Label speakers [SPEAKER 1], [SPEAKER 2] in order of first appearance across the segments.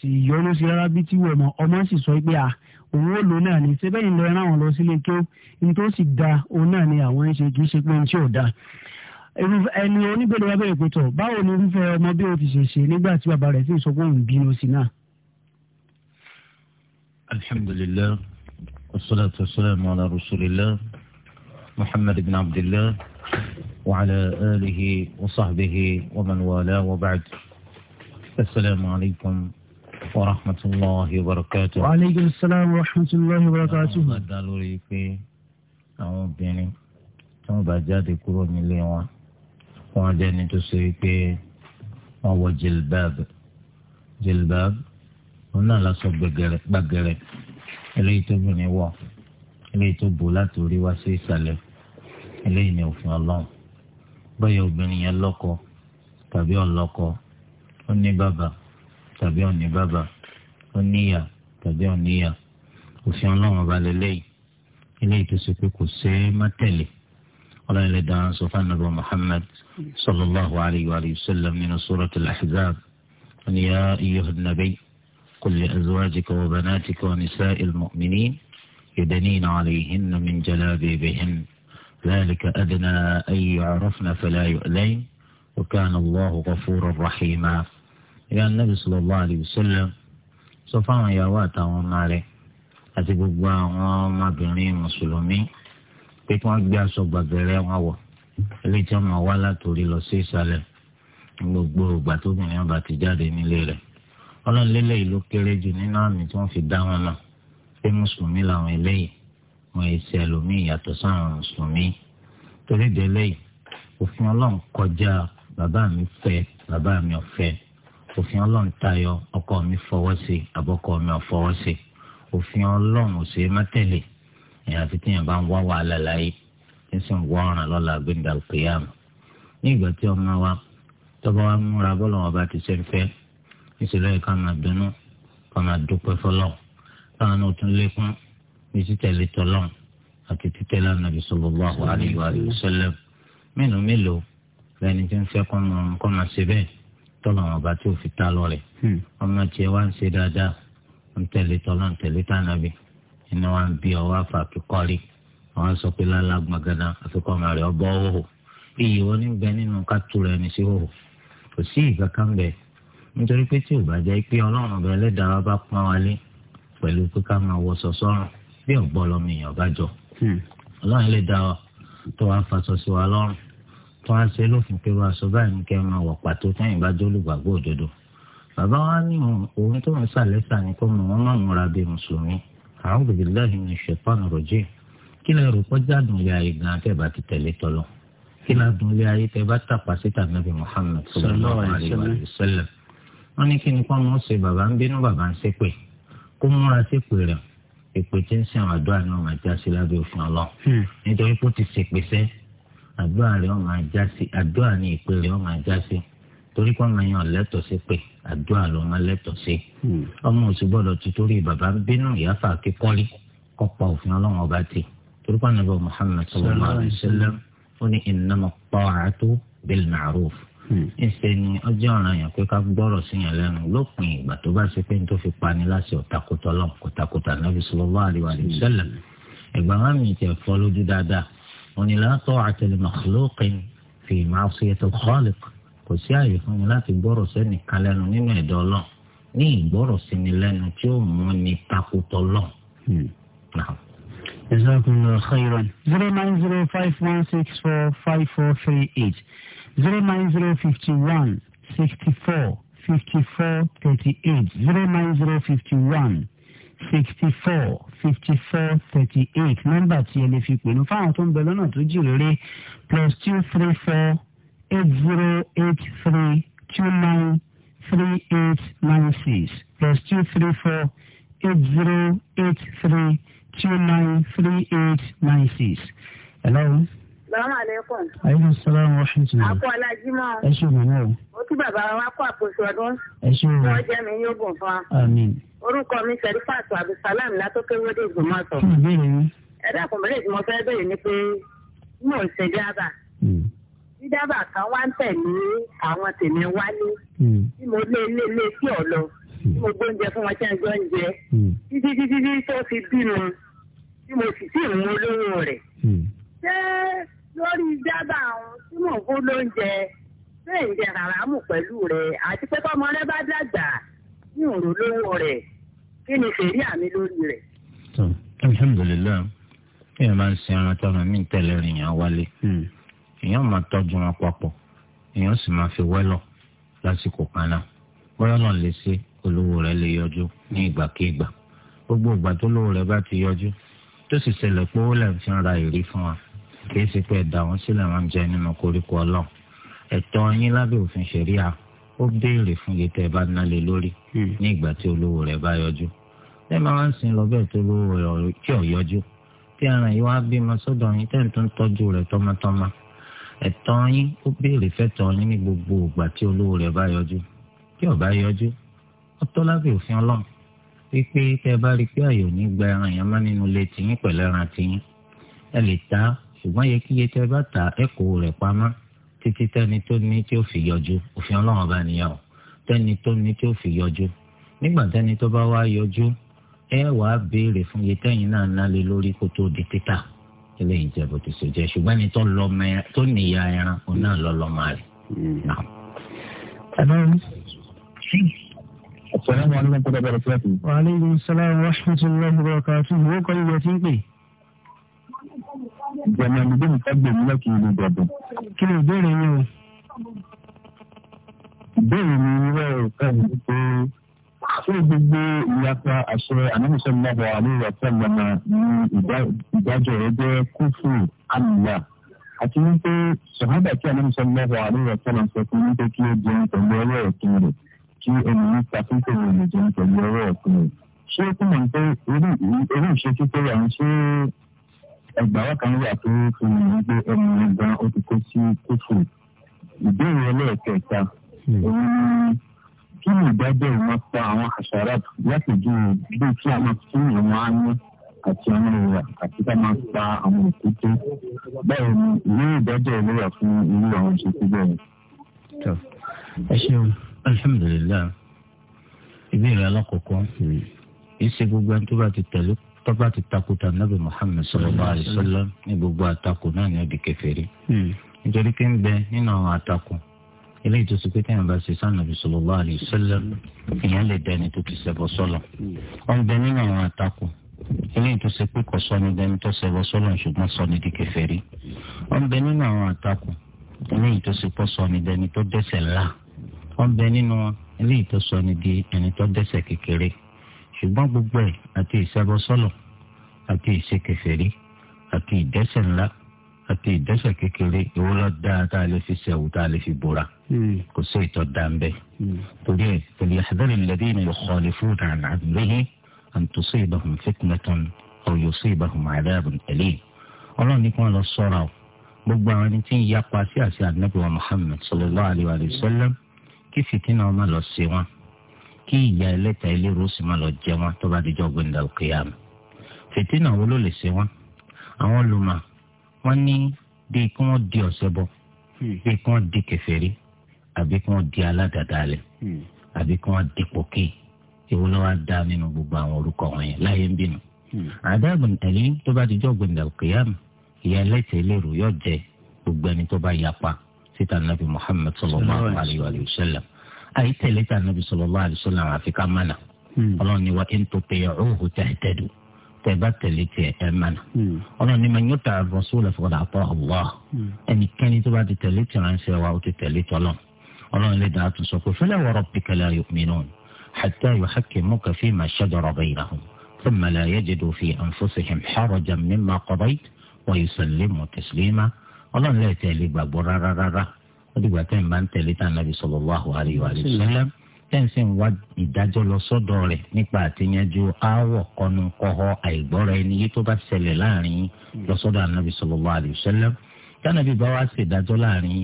[SPEAKER 1] sì yọnu sí rárá bí tí wọ̀mọ̀ ọmọ sì sọ pé à òun ò lò náà ni síbẹ̀ yìí lọ ẹran àwọn lọ sílé kí ó ní tó sì da òun náà ni àwọn ń kì í ṣe pé ní tí ò da ẹni oníbẹ̀rẹ̀ wá pé tọ̀ báwo ni irúfẹ́ ọmọ bí o ti ṣe ṣe nígbà tí bàbá rẹ̀ sì sọ pé òun bínú sí náà.
[SPEAKER 2] alhamdulilayi wasalaatu wasalaamu ala rasulillah muhammad ibn abdillah wa alihi wa sahbihi wa man wa ba'd. asalaamu alaykum. ورحمة الله وبركاته وعليكم السلام ورحمة الله وبركاته àwọn ọ̀dà lórí pé àwọn obìnrin tí wọ́n bá jáde kúrò nílé wọn wọ́n jẹ́ ní tó ṣe pé wọ́n wọ jilbab jilbab wọn náà lásán gbàgẹrẹ eléyìí tó bìnrin wọ eléyìí tó bò láti orí wá sí ìsàlẹ̀ eléyìí ni òfin ọlọ́run bóyá obìnrin yẹn lọ́kọ tàbí ọlọ́kọ ó ní bàbá. tàbí ọ̀ní bàbá ó oníyà tàbí yà òfin ọlọ́run ọba lélẹ́yìí eléyìí tó ṣe pé kò ṣe é má tẹ̀lé ọlọ́run ilẹ̀ dáhùn sọ fún anabi muhammad sọlọ́láhu alayhi wa sallam nínú suratul ahzab oníyà ayyuhan nabiy qul li azwajika wa banatika wa nisa'il mu'minin يدنين عليهن من جلابيبهن ذلك أدنى أن يعرفن فلا يؤذين وكان الله غفورا رحيما ìyá anábì sallallahu alaihi wasallam sọ fáwọn ìyàwó àtàwọn ọmọ rẹ̀ àti gbogbo àwọn ọmọbìnrin mùsùlùmí pé kí wọ́n gbé aṣọ gbàgbẹ̀rẹ̀ wọn wọ̀ eléyìí tí wọ́n máa wá látòrí lọ sí ìsàlẹ̀ gbogbo ìgbà tóbìnrin ọba ti jáde nílé rẹ̀ ọlọ́run lélẹ̀ yìí ló kéré jù nínú àmì tí wọ́n fi dá wọn náà pé mùsùlùmí làwọn eléyìí wọn èsì ẹlòmíì yàtọ̀ sáwọn mùsùlùmí torí délé yìí òfin ọlọ́run kọjá bàbá mi fẹ́ bàbá mi ọ̀fẹ́ òfin ọlọ́run tayọ ọkọ mi fọwọ́ sí àbọ̀kọ mi ò fọwọ́ sí òfin ọlọ́run ò ṣe é má tẹ̀lé ẹ̀yà àfi tíyẹn bá ń wá wàhálà láyé ní sì ń wọ́ ọ̀ràn lọ́la gbẹ̀ndà òkèèyàmù ní ìgbà tí ọmọ wa tọ́ba wa múra bọ́lọ̀ wọn bá ti ṣe ń fẹ́ níṣẹ́lẹ̀ ká máa dunnú ká máa dúpẹ́ fọlọ́ káwọn náà tún lékún ní títẹ̀lé tọ́lọ́n àti títẹ̀lé ànábì sallallahu alaihi wa sallam mélòó mélòó lẹni tí ń fẹ́ kọ́ máa ṣe bẹ́ẹ̀ tọ́nà ọba tí ò fi ta lọ rẹ̀ hmm. ọmọ tiẹ̀ wá ń ṣe dáadáa ń tẹ̀lé tọ́lá ń tẹ̀lé tànàbí iná wa ń bí ọ wá fà kíkọ́rí àwọn sọ pé lálá gbọ̀ngànà àfikọ́ ọmọ rẹ̀ ọbọ̀ òhò iyì wọn ní bẹ nínú kátó rẹ̀ ní sí òhò kò sí ìgbà kan bẹ̀ nítorí pé tí ò bá jẹ́ pé ọlọ́run ọba ẹlẹ́dàá wa bá pọ́n wa lé pẹ̀lú pé ká máa wọ sọ̀sọ́rùn bí ọ̀gbọ́ lọ́mọ èèyàn bá jọ hmm. ọlọ́run ẹlẹ́dàá wa tó wàá faṣọ sí wa lọ́rùn tó wá ṣe lófin pé wàá sọ báyìí kẹ́ ẹ máa wọ̀ pàtó tẹ́yìn bá jólùgbàgbọ́ òdodo bàbá wa ní òun tó ń sàlẹ́sà ni kó mọ wọn máa múra bíi mùsùlùmí a'udhu billahi minash shaitanir rajim kí lè rò kọjá dùn lé ayé gan tẹ́ bá ti tẹ̀lé tọ́lọ́ kí lè dùn lé ayé tẹ́ bá tàpá síta nàbì Muhammad sallallahu alayhi wa sallam wọn ní kí ni kọ́ mọ́ ṣe bàbá ń bínú bàbá ń ṣépè kó múra ṣépè rẹ̀ èpè tí ń àdúrà rẹ̀ ọ̀ máa já sí àdúrà ní ìpè rẹ̀ ọ̀ máa já sí torí pé ọmọ yẹn ọ̀lẹ́tọ̀ sí pé àdúrà ló máa lẹ́tọ̀ sí. Hmm. ọmọ òsì gbọ́dọ̀ ti torí bàbá bínú ìyáfà kíkọ́lé kọ́pa òfin ọlọ́run ọba ti torí pé ànábì Muhammad sallallahu alayhi wa sallam ó ní innama ta'atu bil ma'ruf. Hmm. ìṣe ni ọjọ́ ọ̀ràn yẹn pé ká gbọ́rọ̀ sí yẹn lẹ́nu lópin ìgbà tó bá ṣe pé tó fi pani láti ọ̀takùtà ọlọ́run kòtàkùtà ànábì sallallahu alayhi wọn ni la ta'ata li makhluqin fi ma'siyati al-khaliq kò sí àyè fún mi láti gbọ́rọ̀ sẹ́ni kalẹ́nu nínú ẹ̀dọ́ lọ ní ìgbọ́rọ̀ sinmi lẹ́nu tí ó mú ni takotọ́ lọ. Hmm.
[SPEAKER 1] Jazakumullahu khairan. zero nine zero five one six four five four three eight zero nine zero fifty one sixty four fifty four thirty eight zero nine zero fifty one sixty four fifty four thirty eight nọ́mbà tí ẹ lè fi pè ní fáwọn tó ń bẹ lọ́nà tó jì rere plus two three four eight zero eight three two nine three eight nine six plus two three four eight zero eight three two nine three eight nine six. hello. Salaamaleykum. Aleykum salaam wa rahmatulah. Akọ Alájímọ̀. Ẹ ṣe òun náà. Mo kí bàbá wa kó àkóso ọdún. Ẹ ṣe òun. Wọ́n jẹ́ mi yóò gùn fún wa. Àmín. Orúkọ mi Sẹ̀rífàtò Abdulsalam Látọ́kéwédé Ìgbòmọ̀tò. Kí ni ìbéèrè yín? Ẹ dákun bẹ́ẹ̀ ni mo fẹ́ béèrè ni pé mò ń ṣe dábà. Dídábà hmm. kan wá ń tẹ̀lé àwọn tèmi wálé. Hmm. Tí mo lé lé lé sí ọ̀lọ́. Tí mo gbóúnjẹ fún wọn tí wọ́n jọ ń jẹ. Hmm. Títí títí tó fi bímọ. Tí mo sì sí ìmú olóró rẹ̀ dábàá àwọn tí mò ń kó lóúnjẹ ṣé ìjẹ ràràmù pẹ̀lú rẹ̀ àti pé tọmọ rẹ bá dàgbà ní òrò lówó rẹ̀ kí ni fèrí àmì lórí rẹ̀.
[SPEAKER 2] alhamdulilayi èèyàn máa ń sin ara tọrọ mí tẹlẹ rìn yàn wálé hmm. èèyàn máa tọ́jú wọn papọ̀ èèyàn sì máa fi wẹlọ lásìkò kan náà bọ́lá náà lè ṣe olówó rẹ̀ lè yọjú ní ìgbàkigbà gbogbo ìgbà tó lówó rẹ̀ bá ti yọjú tó sì ṣẹlẹ̀ pé ó lè fi ń ra ìrí fún wa kì í ṣe pé ẹ̀dá wọn sílẹ̀ máa ń jẹ nínú koríko ọlọ́run ẹ̀tọ́ yín lábẹ́ òfin ṣẹ̀ríà ó béèrè fún iye tẹ́ ẹ bá ná lé lórí hmm. ní ìgbà tí olówó rẹ̀ bá yọjú ẹ máa ń sin lọ bẹ́ẹ̀ tó olówó rẹ̀ kí ọ̀ yọjú tí ẹran yìí wá bímọ sọ́dọ̀ yín tẹ́ ń tún tọ́jú rẹ̀ tọmọtọmọ ẹ̀tọ́ yín ó béèrè fẹ́tọ́ yín ní gbogbo ìgbà tí olówó rẹ̀ bá yọjú tí ọ̀ bá yọjú ó tọ́ lábẹ́ òfin ọlọ́run wípé tẹ́ ẹ bá rí pé àyò ní gba ẹran yẹn má nínú ilé tiyín pẹ̀lú tiyín ẹ lè ta ṣùgbọ́n yẹkíyẹ tẹ́ bá ta ẹ̀kọ́ rẹ̀ pamọ́ títí tẹ́ni tó ní tí ó fi yọjú òfin ọlọ́run bá nìyà o tẹ́ni tó ní tí ó fi yọjú nígbà tẹ́ni tó bá wá yọjú ẹ wàá béèrè fún iye tẹ́yìn náà ná lé lórí kó tó di títà eléyìí jẹ́ bó ti ṣe jẹ́ ṣùgbọ́n ẹni tó níyà ẹran òun náà lọ lọ́mọ rẹ̀. Hmm. Assalamu alaikum
[SPEAKER 1] warahmatullahi wabarakatuh. Wọ́n kọ́ ìwé tí ń pè. Jẹ̀mọ̀lúdé nǹkan gbèmí lọ́kì ìlú Ìbàdàn. Kí ni ìbéèrè yín o? Ìbéèrè mi rẹ̀ ò kàn ní pé ṣé gbogbo ìyapa àṣẹ ànámísọ́nìlábọ̀ àlúwà sẹ́lẹ̀mà ní ìdájọ́ rẹ̀ jẹ́ kúfù àlùyà. Àti wípé sọ̀hábà kí ànámísọ́nìlábọ̀ àlúwà sẹ́lẹ̀mà sọ fún wípé kí ó jẹun pẹ̀lú ọwọ́ ọ̀tún rẹ̀ kí ènìyàn ṣàkóso ìrìn jẹun pẹ̀lú ọwọ́ ọ̀tún rẹ̀. Ṣé ó túmọ̀ pé orí ìṣe títẹ̀ yà ń ṣe ẹgbàá kan wà tó fi hàn pé ẹnu rẹ̀ gan ó ti kó sí kófò ìbéèrè ẹlẹ́ẹ̀kẹta òun hmm. ni kí ni ìdájọ́ ìwọ̀n pa àwọn àṣàrà láti ju bí kí a máa fún ìwọ̀n á ní àti àwọn ìwà àti ká máa pa àwọn òkúté báwo ni ìwé ìdájọ́ ìlera fún irú àwọn ìṣèkú bẹ́ẹ̀.
[SPEAKER 2] ẹ ṣeun alhamdulilayi ìbéèrè alákọ̀ọ́kọ́ kì í ṣe gbogbo ẹni tó bá ti tẹ̀lé tọ́ba ti takuta nabi muhammed sallallahu alaihi wasallam ní gbogbo àtakò náà ní ọdí kèfèrí hmm. nítorí pé ń bẹ nínú àwọn àtakò eléyìí tó ṣe pé téèyàn bá ṣe sànàbí sallallahu alaihi wasallam èèyàn lè dẹni tó ti ṣẹbọ sọlọ ó ń bẹ nínú àwọn àtakò eléyìí tó ṣe pé kò sọni dẹni tó ṣẹbọ sọlọ ṣùgbọ́n sọni di kèfèrí ó ń bẹ nínú àwọn àtakò eléyìí tó ṣe pọ sọni dẹni tó dẹ́ṣẹ̀ ńlá ó ń bẹ nínú eléyìí tó sọni di ẹni tó dẹ́ṣẹ̀ kékeré ṣùgbọ́n gbogbo ẹ̀ àti ìṣẹ́bọsọ́nà àti ìṣekèfèrí àti ìdẹ́ṣẹ̀ ńlá àti ìdẹ́ṣẹ̀ kékeré ìwọ lọ dáa tá a lè fi ṣẹ̀wù tá a lè fi bora hmm. kò sí ìtọ́ dáa ń bẹ́ hmm. torí ẹ̀ فليحذر الذين يخالفون عن أمره أن تصيبهم فتنة أو يصيبهم عذاب أليم ọlọ́run ní kí wọ́n lọ sọ́ra o gbogbo àwọn ẹni tí ń yapa sí àṣẹ ànábì wa Muhammad sallallahu alayhi wa sallam kí fìtínà má lọ sí wọn kí ìyá ẹlẹ́ta ẹlẹ́rú sì má lọ jẹ wọn tó bá dijọ́ gbẹ̀ndà òkèèyàn fìtínà wo ló lè ṣe wọn àwọn olùmọ̀ wọn ní bíi kí wọ́n di ọ̀sẹ̀ bọ̀ hmm. bíi kí wọ́n di kèfèrí àbí kí wọ́n di aládàdalẹ̀ hmm. àbí kí wọ́n di pòkè èwo ló wá dá nínú gbogbo àwọn orúkọ wọn yẹn láyé ń bínú. àdàbùn hmm. tẹ̀lé tó bá dijọ́ gbẹ̀ndà òkèèyàn ìyá ẹlẹ́ta ẹlẹ́rú yóò jẹ gbogbo ẹni tó bá yapa síta nàbì Muhammad sallallahu alayhi wa sallam ayi tẹ̀lé tà nàbì sallallahu alaihi wasallam àfi ká mánà ọlọ́run ni wa e in tuti'uhu tahtadu tẹ̀ bá tẹ̀lé tẹ ẹ̀ mánà ọlọ́run ni ma nyọ man yuti' ar-rasula faqad ata'a ẹni kẹni tó bá ti tẹ̀lé tí ránṣẹ́ wa ó tẹ ọrọ ẹsẹ wa tọ́lọ́ ọlọ́run lè dàá tún sọ pé fala wa rabbika la yu'minun hatta yuhakkimuka fima shajara baynahum ثم لا يجدوا في أنفسهم حرجا مما قضيت ويسلموا تسليما ọlọ́run lẹ́yìn tẹ̀lé gbàgbọ́ rárá rárá ó dìgbà tẹ́ ń bá ń tẹ̀lé tàn nàbì sallallahu alaihi wa sallam tẹ́ǹsì ń wá ìdájọ́ lọ sọ́dọ̀ rẹ̀ nípa àtìyànjú aáwọ̀ kọnu kọ́họ́ àìgbọ́ra ẹni yìí tó bá ṣẹlẹ̀ láàrin lọ sọ́dọ̀ ànábì sallallahu alaihi wasallam tánàbí bá wá sí ìdájọ́ láàrin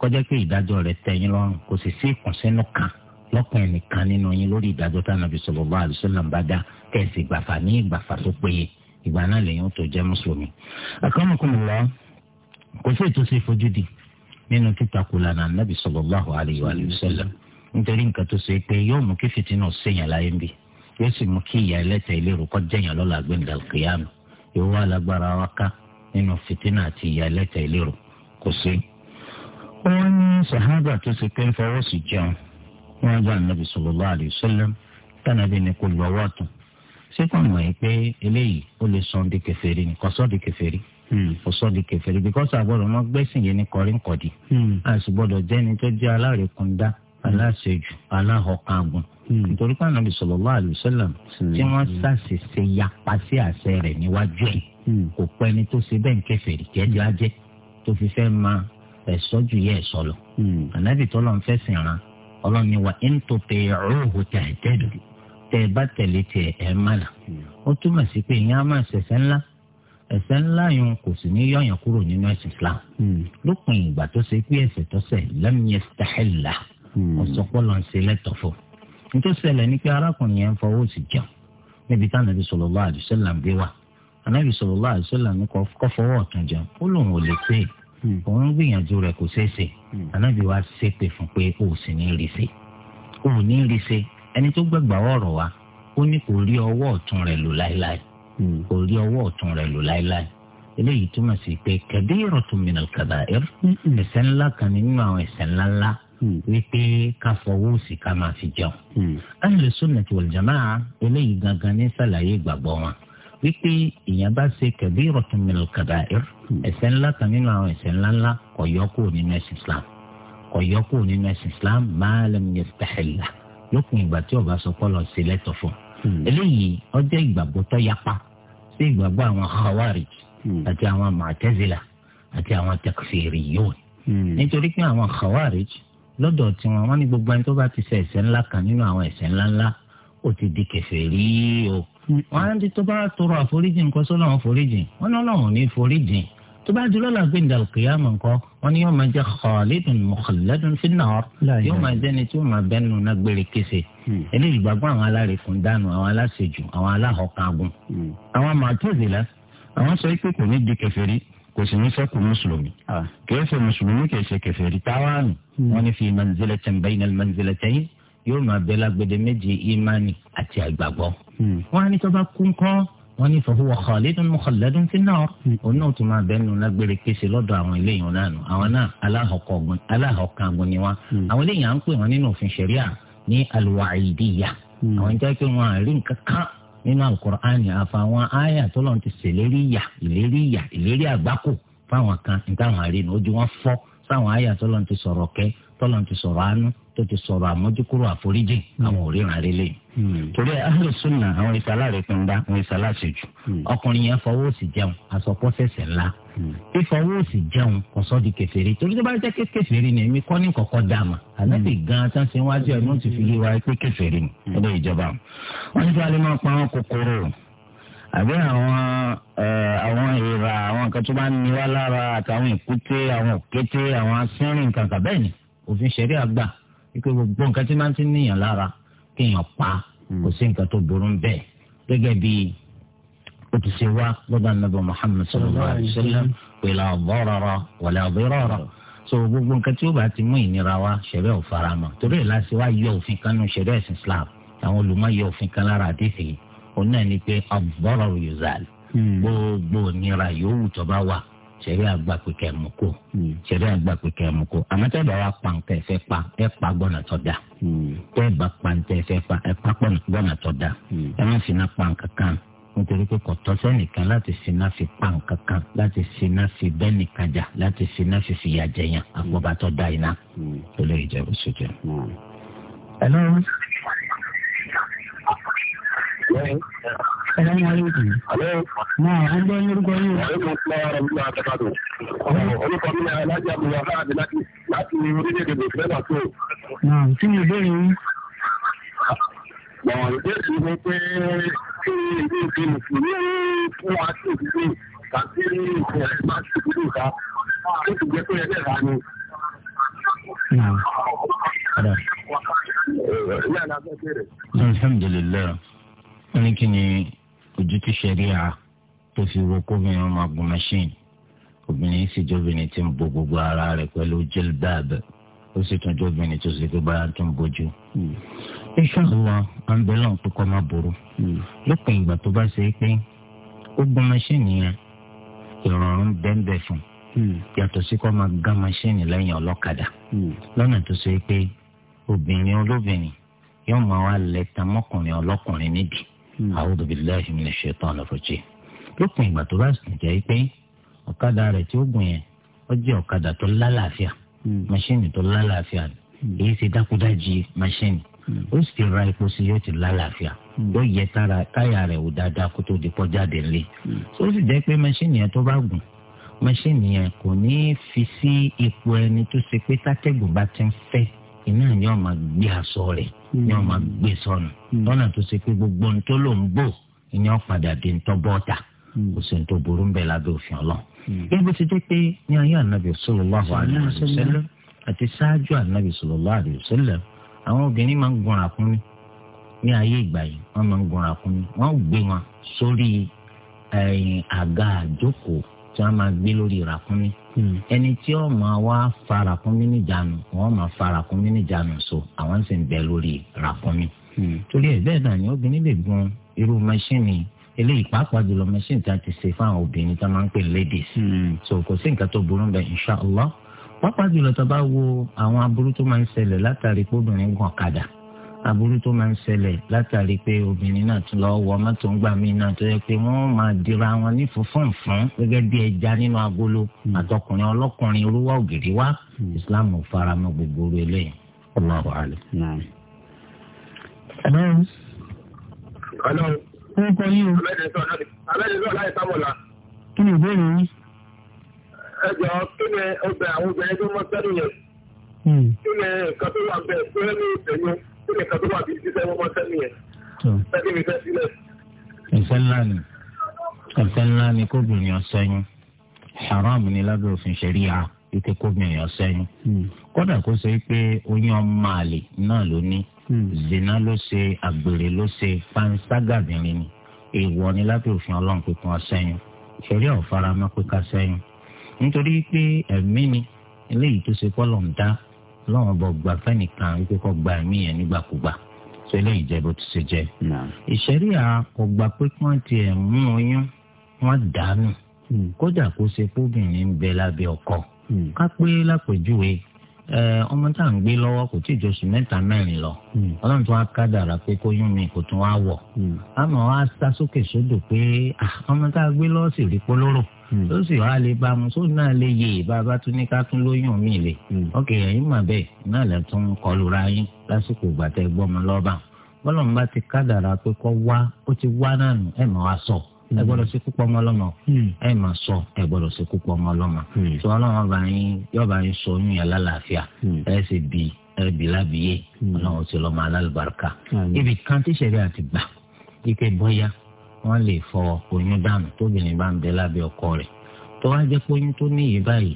[SPEAKER 2] kọjá pé ìdájọ́ rẹ̀ tẹ́yìn lọ́rùn kò sì sí ìkùnsínú kan lọ́kàn ẹnìkan nínú yín lórí ìdájọ́ tánàbí sallallahu alaihi wasallam bá dá tẹ̀sí gbàfà ní ìgbàfà tó péye ìgbà náà lèyìn ó tó jẹ́ mùsùlùmí. àkàmùkùnmùlá kò sí ètò sí ìfojúdi nínú títakò lànà nàbì sallallahu alayhi wa sallam nítorí nǹkan tó ṣe pé yóò mú kí fìtínà ṣèyàn láyé ń bì yóò sì mú kí ìyà ẹlẹ́tẹ̀ ìlérò kọ́ jẹ̀yàn lọ́la gbẹ̀ndà kìyàmù yóò wá lágbára wa ká nínú fìtínà àti ìyà ẹlẹ́tẹ̀ ìlérò kò sí. wọ́n ní sàhábà tó ṣe pé ń fọwọ́ sí jẹun wọ́n gba nàbì sallallahu alayhi wa sallam tànàbí ni kò lọ́wọ́ tún ṣé kò mọ̀ yìí pé eléyìí ó lè sọ ọ́ di kèfèrí ni kò sọ́ di kèfèrí Hmm. kò sọ di kèfèrí bíkọ́sì àgbọ̀dọ̀ mọ́ gbẹ́sìn yẹn ní kọrínkọ̀dì àṣìgbọ́dọ̀ hmm. jẹ́ni tó jẹ́ alárekunda hmm. aláṣejù aláhọkàgùn nítorí pé ànábì sallallahu alaihi wasallam tí wọ́n ṣàṣìṣe yapa sí àṣẹ rẹ̀ níwájú ẹ̀ kò pẹ́ ni tó ṣe bẹ́ẹ̀ ń kèfèrí jẹ́jọ́ ajẹ́ tó fi fẹ́ máa ẹ̀sọ́ ju yẹ ẹ̀sọ́ lọ ànábì tọ́lọ́ ń fẹ́sìn ran ọlọ́ni wa in tuti'uhu tahtadu tẹ́ ẹ bá tẹ̀lé tiẹ̀ ẹ̀ má là ó túmọ̀ sí pé ìyẹn á máa ṣẹ̀ṣẹ̀ ńlá ẹ̀ṣẹ̀ ńlá yẹn kò sì ní yọyàn kúrò nínú ẹ̀sìn Islam hmm. lópin ìgbà tó ṣe pé ẹ̀ṣẹ̀ tó ṣẹ̀ lam yastahilla hmm. ọsọpọlọ ń ṣe lẹtọfọ nítorí ṣẹlẹ̀ ní pé arákùnrin yẹn ń fọwọ́ sí jẹun níbi tí anabi sallallahu alaihi wasallam gbé wa anabi sallallahu alaihi wasallam ní kó fọwọ́ ọ̀tún jẹun ó lóun ò lè pè é hmm. òun gbìyànjú rẹ̀ kò ṣeé ṣe anabi wa ṣépè fún pé ó sì ní rí ṣe ó ní rí ṣe ẹni tó gbẹgbà ọ̀rọ̀ wa ó ní kò rí ọwọ́ ọ̀tún rẹ̀ lò láéláé kò rí ọwọ́ ọ̀tún rẹ̀ lò láéláé eléyìí túmọ̀ sí pé kabiratun minal kaba'ir ẹ̀ṣẹ̀ ńlá kan nínú àwọn ẹ̀ṣẹ̀ ńlá ńlá mm. wípé ká fọwọ́ sí ká máa fi jẹun. Mm. ahlus sunnati wal jama'a eléyìí gangan ní sàlàyé ìgbàgbọ́ wọn wípé èèyàn bá ṣe kabiratun minal kaba'ir mm. ẹ̀ṣẹ̀ ńlá kan nínú àwọn ẹ̀ṣẹ̀ ńlá ńlá kò yọ kúrò nínú ẹ̀sìn Islam kò yọ kúrò nínú ẹ̀sìn Islam ma lam sí ìgbàgbọ́ àwọn khawarij hmm. àti àwọn màtẹ́zìlà àti àwọn takfiriyun hmm. nítorí pé àwọn khawarij lọ́dọ̀ tiwọn wọ́n ní gbogbo ẹni tó bá ti ṣe ẹ̀ṣẹ̀ ńlá kan nínú àwọn ẹ̀ṣẹ̀ ńláńlá ó ti di kèfèrí o hmm. wọ́n á ti tó bá tọrọ àforíjì nǹkan sọ́lọ́run foríjì wọ́n náà lọ́run ní foríjì tó bá dúró lọ́la gbẹ̀ndà òkèèyàn nǹkan wọn ni yóò máa jẹ khalidun mukhalladun fin nar yóò máa jẹ ni tí yóò máa bẹ́ẹ̀ nùnà gbére kése hmm. eléyìí gbàgbọ́ àwọn alárèkún dànù àwọn aláṣejù àwọn aláhọ̀kàgùn hmm. àwọn màtẹ́sílẹ̀ àwọn sọ pé kò ní di kèfèrí kò sì ní sẹ́kù mùsùlùmí ah. kìí ṣe mùsùlùmí kìí ṣe kèfèrí táwáànù hmm. wọn ni fi manzilatin bainal manzilatayn yóò máa bẹ́ẹ̀ lágbèdè méjì ìmánì àti àgbàgbọ́ wọn á ní wọ́n ní fọwọ́ khalidun mukhalladun fi hmm. náà òun náà tún máa bẹ́ẹ̀ nù lágbèrè pèsè lọ́dọ̀ àwọn eléyìí náà nù àwọn náà aláhọ̀kàngun ni wọn hmm. àwọn eléyìí à ń pè wọn nínú òfin ṣẹ̀ríà ní alwaidiyya hmm. àwọn jẹ́ pé wọn àrí nǹkan kan nínú alukur'ani àfàwọn àyà tó lọ́n ti ṣèlérí yà ìlérí yà ìlérí àgbákò fáwọn kan nítawọn àrí ni ojú wọn fọ́ sáwọn àyà tó lọ́n ti sọ̀rọ̀ kẹ́ tọ́lọ̀ ti sọ̀rọ̀ àánú tó ti sọ̀rọ̀ àmójúkúrò àforíjì àwọn òríran rẹ lẹ́yìn. Hmm. torí ahlu sunna àwọn ìsàlá rẹ pin dá àwọn ìsàlá sì jù hmm. ọkùnrin yẹn fọwọ́ òsì jẹun àsọpọ̀ fẹsẹ̀ ńlá hmm. fífọwọ́ òsì jẹun kọ̀sọ́ di kèfèrí torí tó bá jẹ́ pé kèfèrí ni èmi kọ́ ní kọ̀kọ́ dá mà ànábì gan tán ṣe wájú ẹ̀ ló ti fi yé wa pé kèfèrí ni ọ̀dọ̀ ìjọba wọn ní sáré àbí àwọn àwọn èèrà àwọn kan tó bá lára àtàwọn èkúté àwọn òkété àwọn asínrìn kankan bẹ́ẹ̀ ni òfin ṣẹ̀rí àgbà wípé gbogbo nǹkan tí máa ń ti níyàn lára kéèyàn pa kò sí nǹkan tó burú bẹ́ẹ̀ gẹ́gẹ́ bí o ti ṣe wá lọ́dọ̀ nàbẹ Muhammad sallallahu alayhi wa sallam pẹ̀lú àbọ̀rọ̀rọ̀ wala dirara so gbogbo nǹkan tí ó bá ti mú ìnira wá ṣẹ̀rí ò fara mọ́ torí ẹ̀ láti wá yọ òfin kan nù ṣẹ̀rí ẹ̀sìn Islam àwọn olùmọ̀ yọ òfin kan lára àdéhìí òun náà ni pé àbọ̀rọ̀rọ̀ yóò zàlẹ̀ gbogbo ìnira yòówù tó bá wà sẹ̀rí àgbà pẹ̀kẹ́ mú kó sẹ̀rí hmm. àgbà pẹ̀kẹ́ mú kó àmọ́ tẹ́ bá wa pa nǹkan ẹ̀fẹ́ pa ẹ̀ pa gbọ́nà tó da hmm. tẹ́ bá pa nǹkan ẹ̀fẹ́ pa ẹ̀ pa gbọ́nà tó da hmm. ẹ̀ má fi iná pa nǹkan kan nítorí pé kò tọ́ sẹ́nìkan láti finá fi pa nǹkan kan láti finá fi bẹ́ẹ̀ nìkan jà láti finá fi fìyà jẹyàn àpòbátọ́ da iná tó lè jẹ́ bó ṣe jẹ́. Hello.
[SPEAKER 1] Salamu alaikum. Náà a gbọ́ lórúkọ yìí. Àlékún fún ara mi máa tẹ́ka tó. Olúkọ mi náà láti àbúrò aláàbí láti láti orílẹ̀-èdè Bòsílẹ̀ náà tó. Náà tí mo béèrè yín. Bọ̀wọ̀n ìbéèrè mi ni pé kí ilé ìgbé Mùsùlùmí fún wa sí ìdílé tàbí ìfẹ́ bá ti dúró ká.
[SPEAKER 2] Ó sì ojú tí sẹ́ríà tó fi wo kóbìnrin máa gun machine obìnrin sì jóbìnrin tí ń bo gbogbo ara rẹ̀ pẹ̀lú jilbab ó sì tún jóbìnrin tó sì gbé báyà tó ń bójú. Hmm. inṣàlá àǹbẹ̀lọ̀ pé kọ́ máa ború hmm. lópin ìgbà tó bá ṣe é pé ó gun machine yẹn ìrọ̀rùn bẹ́ẹ̀ fún hmm. yàtọ̀ sí kọ́ máa gán machine lẹ́yìn ọlọ́kadà lọ́nà tó ṣe é pé obìnrin olóbìnrin yóò máa wá lẹ́ta mọ́kùnrin ọlọ́kùnrin nídìí. Hmm. a'udhu billahi minash shaitanir rajim lópin ìgbà tó bá sì jẹ́ pé ọ̀kadà rẹ̀ tí ó gùn yẹn ó jẹ́ ọ̀kadà tó lálàáfíà máṣíìnì hmm. tó lálàáfíà hmm. èyí ti dákúdájì máṣíìnì ó sì ti ra epo sí yóò ti lálàáfíà yóò yẹ táyà rẹ̀ ò dáadáa kó tó di pọ́ jáde ńlẹ̀ ó sì jẹ́ pé máṣíìnì yẹn tó bá gùn máṣíìnì yẹn kò ní fi sí ipò ẹni tó ṣe pé tátẹ́gùn bá ti ń fẹ́ iná ni mm. wọn máa gbé sọnù mm. lọ́nà tó ṣe pé gbogbo ohun tó lò ń bò ìyẹn padà di ntọ́ bọ́ọ̀tà mm. kò sí ntọ́ burú ń bẹ̀ lábẹ́ òfin
[SPEAKER 1] ọlọ́run. ibi
[SPEAKER 2] ti dé pé ní ayé ànábì sallallahu alaihi wasallam àti ṣáájú ànábì sallallahu alaihi wasallam àwọn obìnrin máa ń gun ràkúnmí ní ayé ìgbà yìí wọ́n máa ń gun ràkúnmí wọ́n gbé wọn sórí àga àjókòó tí wọ́n máa gbé lórí ràkúnmí hmm. ẹni tí ó máa wá fa níjànú wọ́n máa fa níjànú so àwọn sì ń bẹ lórí ràkúnmí. Hmm. torí ẹ̀ bẹ́ẹ̀ náà ni obìnrin lè gun irú mẹṣíìnì eléyìí pàápàá jùlọ mẹṣíìnì tá a ti ṣe fún àwọn obìnrin tó máa ń pè ladies. Hmm. so kò sí nǹkan tó burú bẹ́ẹ̀ insha Allah pàápàá jùlọ tó bá wo àwọn aburú tó máa ń ṣẹlẹ̀ látàrí pé obìnrin gun ọ̀kadà aburú tó máa ń ṣẹlẹ̀ látàrí pé obìnrin náà tún lọ́ọ́ wọ mọ́tò ń gbà mí náà tó yẹ pé wọ́n máa dira wọn ní funfun fún gẹ́gẹ́ bí ẹja nínú agolo hmm. àtọkùnrin ọlọ́kùnrin olúwa ògiri wa hmm. Islam ò fara mọ́ gbogbo orí eléyìí. Allahu alim. Ọlọ́run. Ó ń kọ yín o.
[SPEAKER 1] Abẹ́rẹ́ sọ̀rọ̀ láì sábọ̀lá. Kí ni ìbéèrè yín? Ẹ jọ kí ni obìnrin àwọn obìnrin tó mọ́ sẹ́nu yẹn? Hmm. Kí ni nǹkan tó ó lè kàdó wà bí ṣíṣẹ́ wọ́n mọ́ṣẹ́ nìyẹn. sẹ́kì mi fẹ́ sílẹ̀.
[SPEAKER 2] ẹ̀fẹ́ ńlá ni ẹ̀fẹ́ ńlá ni kóbìnrin ọ̀sẹ́yìn haram ni lábẹ́ òfin ṣẹ̀ríà ètè kóbìnrin ọ̀sẹ́yìn hmm. kódà kó ṣe pé oyún ọmọ àlè náà ló ní hmm. zina ló ṣe àgbèrè ló ṣe panṣágàbìnrin ni èèwọ̀ ni lábẹ́ òfin ọlọ́run pé kàn ṣẹ́yìn ṣẹ̀ríà ò fara mọ́ pé ká ṣẹ́yìn nítorí pé ẹ̀mí ni eléyìí tó ṣe kọ́ lọ́n ọlọ́run bọ̀ gbà fẹ́nìkan wípé kọ́ gba ẹ̀mí yẹn nígbàkúgbà tó eléyìí jẹ́ bó ti ṣe jẹ́. ìṣẹ̀ríà kò gbà pé kí wọ́n ti ẹ̀ mú oyún wọ́n dànù hmm. kódà kó ṣe kóbìnrin ń bẹ lábẹ́ ọkọ hmm. ká pé lápèjúwe ọmọ tá à ń gbé lọ́wọ́ kò tí jọṣù mẹ́ta mẹ́rin lọ hmm. ọlọ́run tó wá kádàrà pé kó yún mi kò tún wá wọ̀ àmọ́ wá sá sókè sódò pé ah, ọmọ tá a gbé lọ́wọ́ sì rí polóró. Hmm. tó sì wá lè bá mu tó náà lè yè bàbá tún ní ká tún lóyún mi lè ọkẹ hmm. ẹ̀yin mà bẹ́ẹ̀ náà lè tún kọlu ra yín lásìkò gbàtẹ gbọmọ lọba bọlọmọ bá ti kádàrà pé kọ wá ó ti wá náà nù ẹ mọ wá sọ ẹ hmm. gbọ́dọ̀ ṣe kúpọ ọmọ lọmọ ẹ mà sọ ẹ gbọ́dọ̀ ṣe kúpọ ọmọ lọmọ tó Ọlọ́run ọba yín yọba yín sọ oyún yẹn lálàáfíà ẹ sì bì ẹ bì lábìyẹ Ọlọ́run ti lọ mọ alálùbáríkà ibi kan tíṣẹ̀rí àti gbà ike bọ́yá wọ́n lè fọ oyún dànù tóbìnrin bá ń bẹ lábẹ́ ọkọ rẹ tó wá jẹ́ pé oyún tó ní yìí báyìí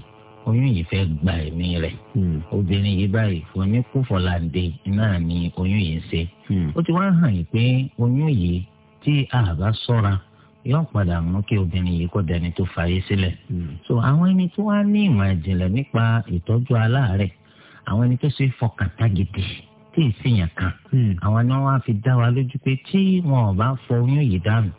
[SPEAKER 2] oyún yìí fẹ́ gba ẹ̀mí rẹ̀ hmm. obìnrin yìí báyìí oníkúfọ̀láǹde náà ni oyún yìí ń ṣe hmm. ó ti wá hàn yìí pé oyún yìí tí a bá ṣọ́ra yóò padà mú kí obìnrin yìí kó dẹni tó fàyè sílẹ̀ hmm. so àwọn ẹni tó wá ní ìmọ̀ ìjìnlẹ̀ nípa ìtọ́jú aláàárẹ̀ àwọn ẹni tó ṣe fọkàn tá tí ì sèyàn kan àwọn ni wọn fi dá wa lójú pé tí wọn ò bá fọ oyún yìí dànù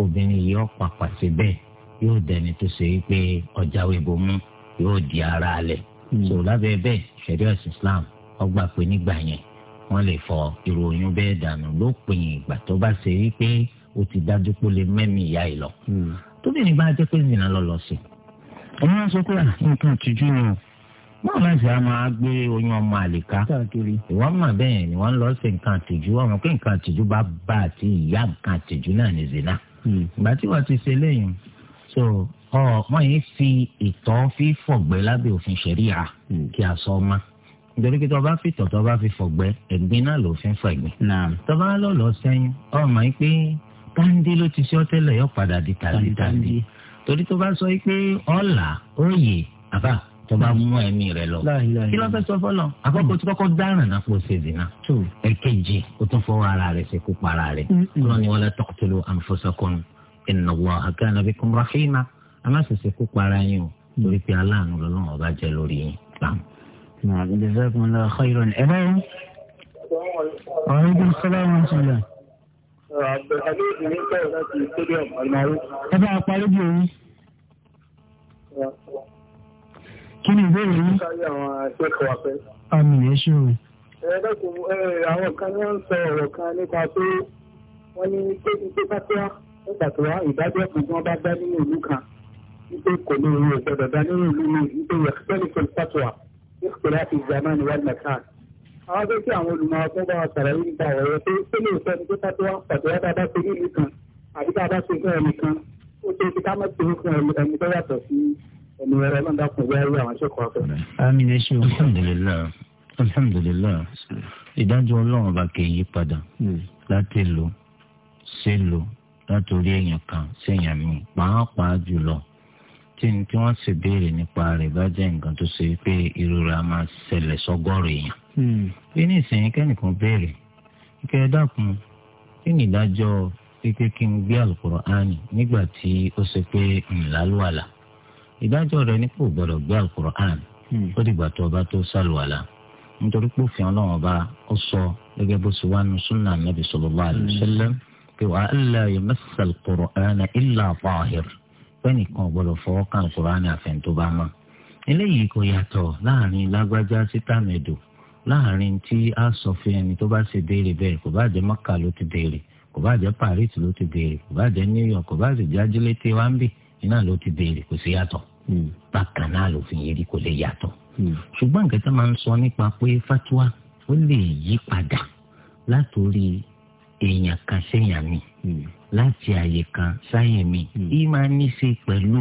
[SPEAKER 2] obìnrin yìí ó pàpà sí bẹ́ẹ̀ yóò dẹni tó ṣe é pé ọjàwé bomú yóò di ara alẹ̀ hmm. so lábẹ́ bẹ́ẹ̀ ṣẹ̀ríà Islam ọgbà pé nígbà yẹn wọ́n lè fọ irú oyún bẹ́ẹ̀ dànù lópin ìgbà tó bá ṣe é pé ó ti dájú pé ó lè mẹ́mí ìyá yìí hmm. tóbi ní bá jẹ́ pé zina lọ lọ sí. ọmọ sọ pé ah, nǹkan ìtìjú ni o báwo la ṣe á máa gbé oyún ọmọ àlìká ìwọ́n mà bẹ́ẹ̀ ni wọ́n lọ sí nǹkan àtìjú àwọn pé nǹkan àtìjú bá bá àti ìyá nǹkan àtìjú náà ní zina hmm. ìgbà tí wọ́n ti ṣe lẹ́yìn so wọ́n yìí fi ìtọ́ fífọ̀gbẹ́ lábẹ́ òfin ṣẹ̀ríà hmm. kí a sọ ọmọ nítorí pé tó bá fi tọ̀ tó bá fi fọ̀gbẹ́ ẹ̀gbin náà ló fi ń fọ̀gbẹ́ tó bá lọ lọ sẹ́yìn ọmọ yìí pé táǹdé ló ti ṣe ọ́ tó bá mú ẹ̀mí rẹ lọ. kí ló fẹ́ sọ fọlọ. Mm. àkọ́kọ́ tí kọ́kọ́ dáràn náà kó ṣe zina. ẹ̀kejì ó tún fọwọ́ ara rẹ̀ ṣe kó para rẹ̀. ọlọ́run ni wala taqtulu anfusakum inna Allaha kana bikum rahima. a má ṣẹ̀ṣẹ̀ kó para yín o mm. torí pé aláàánú lọ́lọ́run ọba jẹ́ lórí yín.
[SPEAKER 1] ẹ bá a parí bí oyin kí ni ìbéèrè yìí. àmì ẹ o. àwọn kan ní wọ́n sọ ọ̀rọ̀ kan nípa pé wọ́n ní pé pé pápá nígbà tó wá kan tí wọ́n bá dá nínú ìlú kan wípé kò lè rí ìgbọ́dọ̀ dá nínú ìlú mi wípé yẹ̀kẹ́lì pẹ̀lú pàtó ìpìlẹ̀ àti ìjàmbá ni wọ́n mẹ̀ká. àwọn tó kí àwọn olùmọ̀ ọgbọ́n bá sàlàyé nípa ọ̀rọ̀ pé pé lè fẹ́ ni pé pàtó wá pàtó wá dáadáa ṣe nílùú kan àbí dáadáa ṣe fún ẹnì kan ó ṣe ti ká mọ̀ ẹnu rẹ lọ́dà kò wá rí àwọn akẹ́kọ̀ọ́ ọ̀fẹ́.
[SPEAKER 2] àmì ẹ ṣe alhamdulilayi alhamdulilayi ìdájọ́ ọlọ́run ọba kì í yí padà hmm. láti lò ṣe lò látòrí èèyàn kan sí èèyàn mi pàápàá jùlọ tí ní tí wọ́n sì béèrè nípa rẹ̀ bá jẹ́ nǹkan tó ṣe pé ìrora máa ṣẹlẹ̀ sọ́gọ́rọ̀ èèyàn. bí hmm. ní ìsìn kẹ́nìkan béèrè kẹ́ ẹ dákun kí ni ìdájọ́ pé kí n gbé àlùkùránì nígbà tí ó ṣe pé ńlá ló wà láà ìdájọ́ rẹ̀ ní kò gbọ́dọ̀ gbé alukur'an hmm. ó dìgbà tó tó nítorí ọba ó sọ gẹ́gẹ́ bó ṣe wá nu sunna nabi pé pẹ́ẹ́nì kan fọwọ́ mọ́ eléyìí kò yàtọ̀ láàrin lágbájá láàrin tí a sọ fún ẹni tó bá ṣe béèrè bẹ́ẹ̀ kò bá jẹ́ mọ́kà ló ti kò bá paris ló ti kò bá jẹ́ new york kò iná ló ti béèrè kò sí yàtọ̀ hmm. bákan náà lòfin yìí kò lè yàtọ̀ hmm. ṣùgbọ́n nǹkan tó máa ń sọ nípa pé fatwa ó lè yí padà látòrí èèyàn kan séèyàn mi hmm. láti àyè kan sáyè mi yìí máa ní í ṣe pẹ̀lú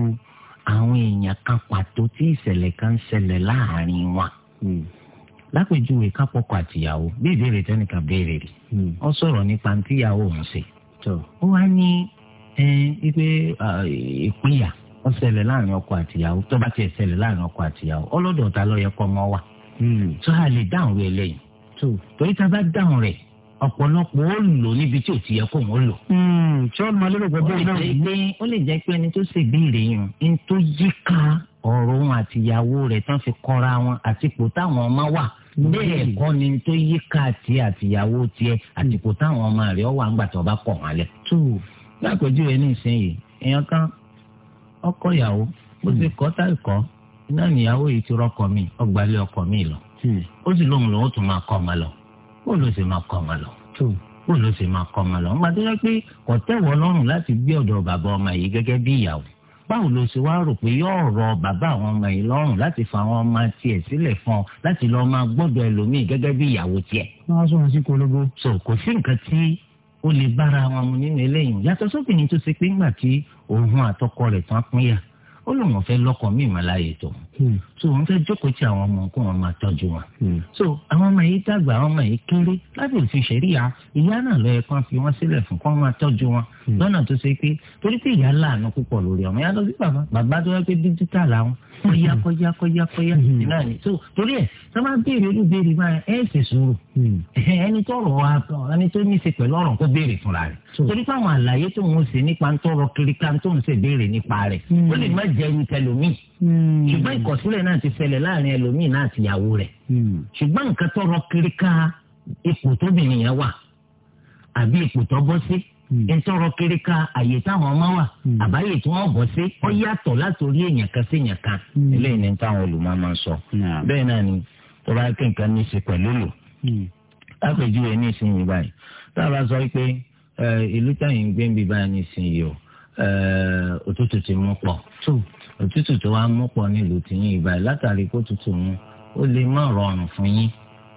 [SPEAKER 2] àwọn èèyàn kan pàtó tí ìṣẹ̀lẹ̀ kan ṣẹlẹ̀ láàárín wọn lápèjúwe kápọkọ àtìyàwó bí ìbéèrè tẹnìkan béèrè rí ó sọ̀rọ̀ nípa tíyàwó òun ṣe ó wá ní Ipe ìpínyà ọ ṣẹlẹ̀ láàrin ọkọ àtìyàwó tó bá tiẹ̀ ṣẹlẹ̀ láàrin ọkọ àtìyàwó ọlọ́dọ̀ ta yẹ ọmọ wa tó hmm. a lè dáhùn rẹ̀ lẹ́yìn torí tá bá dáhùn ó lò níbi tí ò ti yẹ kó lò. Hmm. ṣé ọ̀nà bẹ́ẹ̀ náà. ó lè jẹ́ pé ẹni tó ṣe ìbéèrè yẹn ń tó yíká ọ̀rọ̀ àtìyàwó rẹ̀ tán fi kọ́ra wọn táwọn ọmọ wà hmm. bẹ́ẹ̀ kọ́ ni tó yíká àtìyàwó tiẹ̀ táwọn ọmọ lápèjúwe ní ìsinyìí èèyàn kan ọkọ ìyàwó ó ti hmm. kọ́ tá ìkọ́ iná níyàwó yìí ti rọ́kọ mi ọgbàlẹ̀ ọkọ mi lọ hmm. ó sì lóun lòun ó tún máa kọ́ ọmọ lọ ó ló sì máa kọ́ ọmọ lọ hmm. ó ló sì máa kọ́ ọmọ lọ ọmọ tó yẹ pé kò tẹ́wọ́ lọ́rùn láti gbé ọ̀dọ̀ bàbá ọmọ yìí gẹ́gẹ́ bí ìyàwó báwo ló ṣe wáá rò pé yóò rọ bàbá àwọn ọmọ yìí lọ́rùn láti fa àwọn ọmọ tiẹ̀ sílẹ̀ fún ọ so kò ó lè bára wọn mu nínú eléyìí yàtọ̀ sóbìnrin tó ṣe pé ńgbà tí òun àtọkọ rẹ̀ tán pínyà ó lóun ò fẹ́ lọ́kọ̀ mí ìmọ̀láyè tó hmm. so òun fẹ́ jókòó tí àwọn ọmọ kó wọn máa tọ́jú wọn hmm. so àwọn ọmọ yìí dàgbà àwọn ọmọ yìí kéré lábẹ́ òfin ṣẹ̀ríya ìyá náà lọ́yẹ kan fi wọ́n sílẹ̀ fún kó wọn máa tọ́jú wọn hmm. lọ́nà tó ṣe pé torí pé ìyá láàánú púpọ̀ lórí ọmọ yàtọ̀ sí bàbá bàbá tó yẹ pé díjítà làwọn kọ́yá kọ́yá kọ́yá ni so torí ẹ̀ sọ ma béèrè irú béèrè máa ẹ̀ ṣe sùúrù ẹni tọrọ wa ẹni tó ní í ṣe pẹ̀lú ọ̀rọ̀ jẹ́rú tẹlomi. Hmm. ṣùgbọ́n ìkọ̀sílẹ̀ náà ti ṣẹlẹ̀ láàrin ẹlòmíì náà àtìyàwó rẹ̀. Hmm. ṣùgbọ́n nǹkan tọrọ kiri ká ipò tóbìnrin yẹn wà àbí ipò tó bọ́ sí hmm. ntọrọ kiri ka àyè táwọn ọmọ wa àbáyé tí wọn bọ sí ọ yàtọ̀ látòrí èèyàn kan sí èèyàn kan. eléyìí ni táwọn olùmọ̀ máa ń sọ bẹ́ẹ̀ náà ni tó bá kí nǹkan ní í ṣe pẹ̀lú lò lápèjúwe ní ìsinyìí báyìí òtútù òtútù tó wá mú pọ̀ nílùú tìyín ìbàdàn látàrí kó tutù mu ó lè má rọrùn fún yín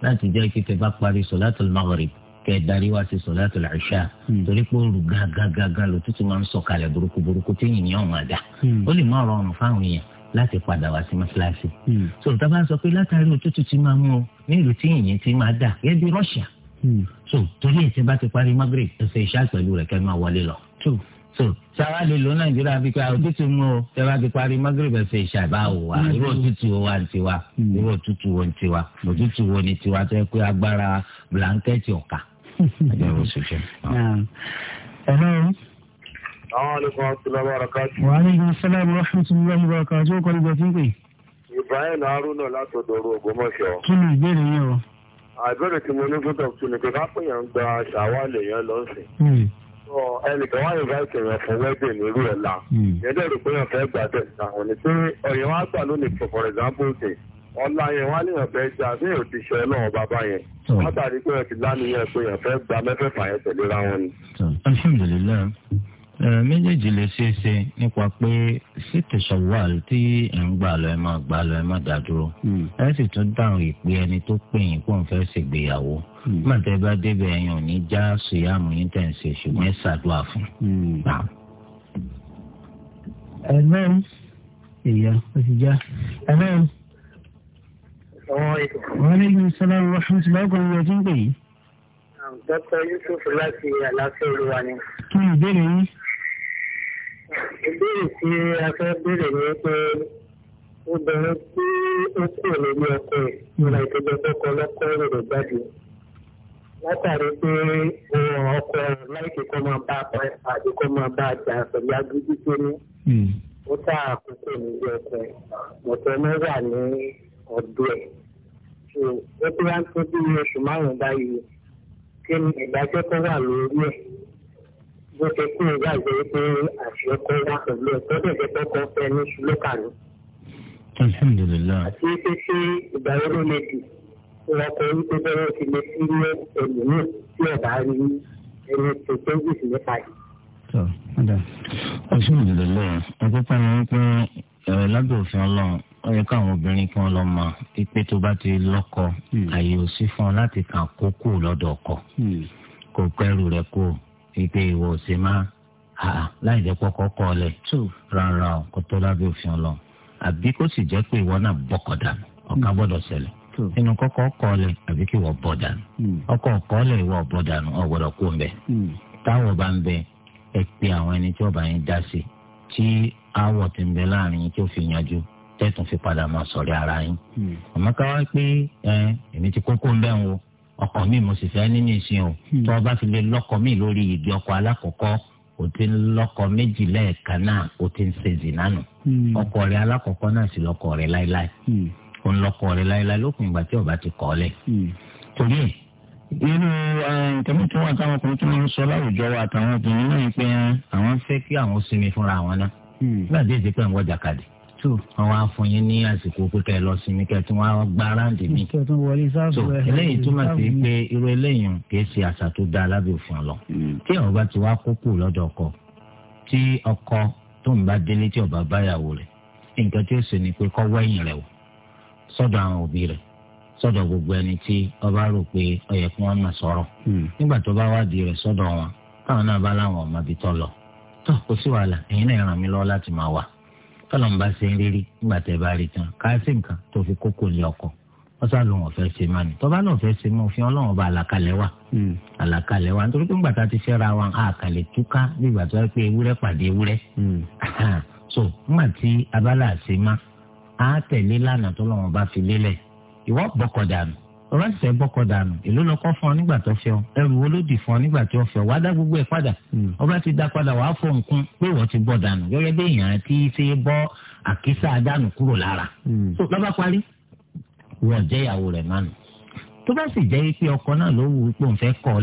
[SPEAKER 2] láti jẹ́ kí tẹ bá parí solatul maghrib kẹ darí wá sí solatul isha hmm. torí pé òru gágágágá lòtútù máa ń sọ̀kalẹ̀ burúkú burúkú téèyàn ní ọ̀hún hmm. àdá ó lè má rọrùn fáwọn èèyàn láti padà wá sí mọ́ṣáláṣí. Hmm. so tá a bá sọ pé látàrí òtútù ti máa mú o ní ìlú tí yìnyín ti máa dà gẹ́gẹ́ bí Russia. so torí ẹ̀ tí bá ti parí Maghrib ẹ̀sẹ̀ ìṣá pẹ̀lú rẹ̀ kẹ́ máa wọlé lọ so hmm. sáwá lè lo nàìjíríà bí pé òtútù mú o tẹ́wá ti parí mọ́gìrìbẹ̀ ṣe ìṣàbá o wa hmm. irú òtútù wo wa ń tiwa hmm. irú òtútù wo ń tiwa òtútù wo ni tiwa tó yẹ pé agbára blanketi ọ̀ka.
[SPEAKER 1] ẹ̀rọ Àwọn alaikum salaam wa rahmatullahi wa barakatuh ó kọ́ni gbẹ̀tí pé. Ibrahim Haruna látọ̀dọ̀ ọ̀rọ̀ Kí ni ìbéèrè yẹn o? Àìbẹ̀rẹ̀ tí mo ní fún tọ̀tún ni pé ká pè yàn gba ṣàwálẹ̀ yẹn lọ́sìn ẹnìkan wá ìgbà ìkẹyìn fún wedding nírú ẹ̀ la hmm. yẹn dẹ̀ rò pé yàn fẹ́ gbà bẹ̀ ṣá òní pé ọ̀yàn wá gbà lónìí for for example ṣe ọ̀la yẹn wá níyàn fẹ́ ṣe àfihàn yóò ti ṣe ẹ náà bàbá yẹn hmm. látàrí pé yàn ti lánìyàn pé yàn fẹ́ gbà mẹ́fẹ̀ẹ̀fà yẹn tẹ̀léra wọn ni.
[SPEAKER 2] Hmm méjèèjì lè é ṣe nípa pé sítì sọ̀wọ́àlù tí ẹ̀ ń gbà lọ ẹ̀ máa gbà lọ ẹ̀ máa dá dúró hmm. ẹ sì tún dáhùn ìpè ẹni tó pè yín kó n fẹ́ ṣègbéyàwó mọ̀tẹ́ hmm. bá débẹ̀ ẹ̀yàn ò ní já sùyàmù yín tẹ̀ ń ṣe ṣùgbọ́n ẹ̀ ṣàdúrà fún un. Hmm.
[SPEAKER 1] ìyá ó já ẹ̀lọ́. wọ́n ní kí n sọ́lá ọkọ̀ ìyá tó ń pè yìí. dr yusuf láti ìbéèrè tí a fẹ́ béèrè ni pé obìnrin tí ó kúrò lórí ọkọ ẹ̀ nígbà ìtọ́jú ọkọ lọ́kọ́ rẹ̀ jáde látàrí pé ohun ọkọ rẹ̀ láìpẹ́ kó máa bá apá àti kó máa bá àjà pẹ̀lú agídí tó ní. Hmm. ó tà àkókò nílé ọkọ ẹ̀ mọ̀tọ́ náà wà ní ọ̀dọ́ ẹ̀. ó ti wá ń tó bí oṣù márùn-ún báyìí kí ni ìdájọ́ tó wà lórí ẹ̀ bó ṣe kú ìyá ìjẹ́ pé àṣẹ kọ́ wá pẹ̀lú ẹ̀kọ́ bẹ̀rẹ̀ kọ́kọ́ fẹ́ ní ṣùlọ́kà ni. alhamdulilayi. àti pé ṣé ìgbà yẹn ló lè dì wọn kọ wípé bẹ́ẹ̀ ti lè fi ní ẹlòmíràn tí ọ̀dà rí ẹni tó tó jù sí nípa
[SPEAKER 2] yìí. alhamdulilayi àkọ́kọ́ ni wọ́n pẹ́ ẹ̀rọ lábẹ́ òfin ọlọ́run ó yẹ káwọn obìnrin kan lọ mọ pípé tó bá ti lọ́kọ hmm. àyè ò sí fún ọ láti kàn kókó lọ́dọ̀ ọkọ hmm. kó pẹ́rù rẹ kó o. ètè ìwọ òsè ma láì jẹ́ kọ́kọ́ kọ́ ọ lẹ̀ rárá o kó tó lábẹ́ òfin ọlọ́run àbí kó sì jẹ́ pé ìwọ náà bọ́kọ̀ dànù ọ̀ká hmm. gbọ́dọ̀ ṣẹlẹ̀ nínú kọ́kọ́ kọ́ ọ lẹ̀ àbí kí ìwọ bọ́ dànù hmm. ọkọ̀ kọ́ ọ lẹ̀ ìwọ bọ́ dànù hmm. ẹ pé àwọn ẹni tí ọba yẹn dá sí tí ti ń bẹ láàrin padà máa ara yín àmọ́ káwá pé ti kókó ń ọkọ mi mo sì fẹ́ nínú ìsìn o hmm. tó o bá fi lè lọ́kọ mi lórí ìdí ọkọ alákọ̀ọ́kọ́ o ti ń lọ́kọ méjì lẹ́ẹ̀kan náà o ti ń ṣe zìnnà nù hmm. ọkọ rẹ alákọ̀ọ́kọ́ náà sì lọ́kọ rẹ láéláé hmm. o ń lọ́kọ rẹ láéláé lópin ìgbà tí o bá ti kọ̀ ọ́ lẹ̀. torí ẹ irú tẹ̀mí tí wọ́n àtàwọn ọkùnrin tí wọ́n ń sọ láwùjọ wa àtàwọn obìnrin náà ń pẹ́ àwọn fẹ́ kí àwọn sinmi fúnra àwọn náà nígbà tí èsì pẹ̀ ń wọ́ jàkadì. so àwọn afọyín ní àsìkò pípẹ́ lọ sinmi kẹtù wọn gbá aráàlú mi so eléyìí túmọ̀ sí pé irú eléyìí kìí ṣe àṣà tó dáa lábẹ́ òfin ọ̀lọ́ kí hmm. àwọn bá ti wá kókó lọ́dọ̀ ọkọ tí ọkọ tó ń bá délé tí ọba rẹ̀ nǹkan tí ó ṣe ni pé kọ́ rẹ̀ wò sọ́dọ̀ àwọn òbí rẹ̀ sọ́dọ̀ gbogbo ẹni tí ọba tọ́lọ́mùbá ṣe ń rírí nígbà tẹ́ bá rí tán káàsì nǹkan tó fi kókó ní ọkọ wọ́n sá lóun ọ̀fẹ́ ṣe máa ní tọ́ba náà fẹ́ ṣe mọ́ òfin ọlọ́run ọba àlàkalẹ̀ wà hmm. àlàkalẹ̀ wà nítorí pé ńgbà tá a ti fẹ́ra wa àkàlẹ̀ túká nígbà tó wá pé ewúrẹ́ pàdé ewúrẹ́ hmm. so ńgbà tí abala àṣemá á tẹ̀lé lánàá tọ́lọ́run ọba fi lélẹ̀ ìwọ́ bọ́kọ̀ dànù ránṣẹ́ gbọ́kọ̀ dànù èló lọ́kọ́ fún ọ nígbà tó fẹ́ ọ ẹrù wo ló dì fún ọ ọ wá dá gbogbo ẹ̀ padà hmm. ọba ti dá padà wàá fọ nǹkan pé wọ́n ti gbọ́ dànù gẹ́gẹ́ bí èèyàn ti ṣe bọ́ àkísà dànù kúrò lára hmm. lọ́ba parí wọ́n jẹ́ rẹ̀ mánu tó bá sì jẹ́ pé ọkọ náà ló wù ú pé òun fẹ́ kọ́ ọ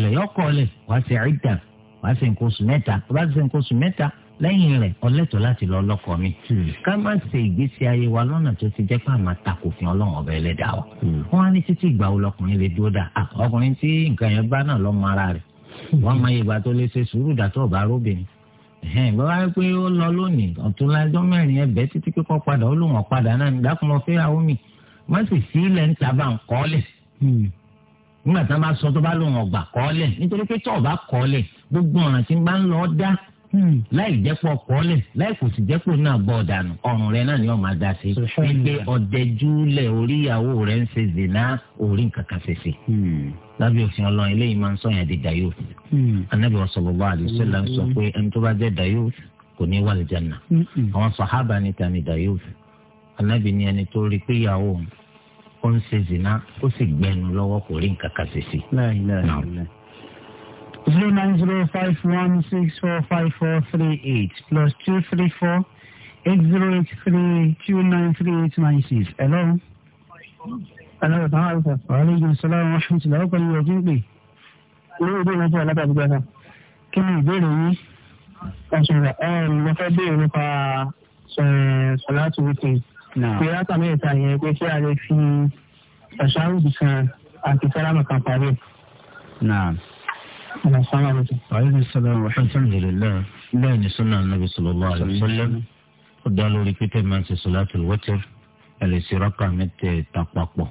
[SPEAKER 2] lẹ̀ kọ́ lẹ́yìn rẹ̀ ọlẹ́tọ̀ láti lọ lọ́kọ mi. Hmm. ká má ṣe ìgbésí ayé wa lọ́nà tó ti jẹ́ pé àmà takòfin ọlọ́run ọba ẹlẹ́dàá wa. Hmm. wọ́n á ní títí ìgbà wo lọkùnrin lè dúró dà ọkùnrin tí nǹkan yẹn bá náà lọ́mọ ara rẹ̀ hmm. wọ́n máa yẹ ìgbà tó lè ṣe sùúrù dàtọ̀ ọ̀bá róbìnrin ẹ̀hìn bá wáyé pé ó lọ lónìí ọ̀tún lájọ́ mẹ́rin ẹ̀bẹ́ títí pé kọ́ padà ó lò wọ́n padà náà nígbà tí wọ́n bá sọ tó bá lò wọ́n gbà kọ́lẹ̀ nítorí pé tó o bá gbogbo ọ̀ràn tí ń bá ń lọ dá Hmm. láì jẹ́pọ̀ kọ́lẹ̀ láì kò sì jẹ́pọ̀ náà bọ̀ dànù ọ̀run rẹ náà ni wọ́n máa da sí pé ọ̀dẹ́júlẹ̀ oríyàwó rẹ̀ ń ṣe zina orí nǹkan kan ṣe ṣe hmm. lábẹ́ òfin ọlọ́run eléyìí máa ń sọ yẹn di dayo hmm. anabi sallallahu alaihi wasallam sọ pé ẹni tó bá jẹ́ dayo kò ní wà lìjànà àwọn sàhábà ni tani dayo anabi ni ẹni tó rí pé ìyàwó ó ń ṣe zina ó sì gbẹnu lọ́wọ́ kò rí nǹkan kan ṣe ṣe. láì láì láì zero nine zero five one
[SPEAKER 1] six four five four three eight plus two three four eight zero eight three two nine three eight nine six. Hello. Hello, assalamu alaikum. Wa alaikum assalam wa rahmatullahi wa barakatuh. Ọkùnrin yóò gbé. Ilé ìdí ìwé fún ọ̀làbà àdúgbò ẹ̀ka. Kí ni ìbéèrè yín? Ọ̀ṣunra um, mo fẹ́ béèrè nípa Sọláàtù Wíkì. Ìyá àtàmì ìta yẹn pé kí a fi ẹ̀ṣọ́ àrùn kan àti sálámù kan parí. Naam aleyhi
[SPEAKER 2] salaam wa alhamdulilayi bẹ́ẹ̀ ni sunna anabi sallallahu alayhi wa sallam ó dá lórí pété máa ń ṣe sọláàtì wọ́tẹ́rì ẹ̀ lè ṣe rákà mẹ́tẹ̀ẹ̀ta papọ̀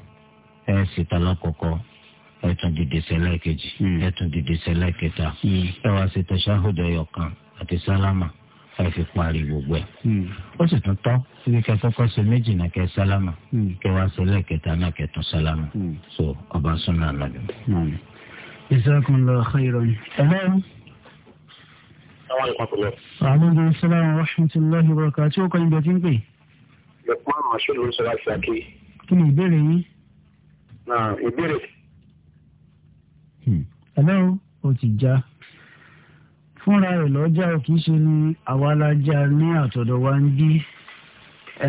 [SPEAKER 2] ẹ̀ sì ta lákọ̀ọ́kọ́ ẹ̀ tún dìde sẹ́lẹ̀ kejì hmm. ẹ̀ tún dìde sẹ́lẹ̀ kẹta hmm. ẹ̀ wá ṣe tẹ̀síáhùdù ẹ̀yọ̀kan àti sálámà ẹ̀ fi parí gbogbo ẹ̀. Hmm. ó sì tún tọ́ ibi kẹfọ́kọ́ ṣe méjì náà kẹ sálámà kẹ wá ṣẹlẹ̀ kẹta náà kẹ tún sálámà so ọba sunna anabi.
[SPEAKER 1] Jazakumullahu khairan. Ẹ̀lọ́.
[SPEAKER 2] Àlejò
[SPEAKER 1] Sálàmù Rahmatullahi Bọ̀rọ̀kà tí ó kọ́ ibẹ̀ tí ń pè. Lọ́pọ̀ Màṣúù ló sọ láti àkí. Kí ni ìbéèrè yín? Na ìbéèrè. Ẹ̀lọ́ hmm. o ti já. Fúnra rẹ̀ lọ́jà ò kìí ṣe ni àwa la já ní àtọ̀dọ̀ wa ń bí.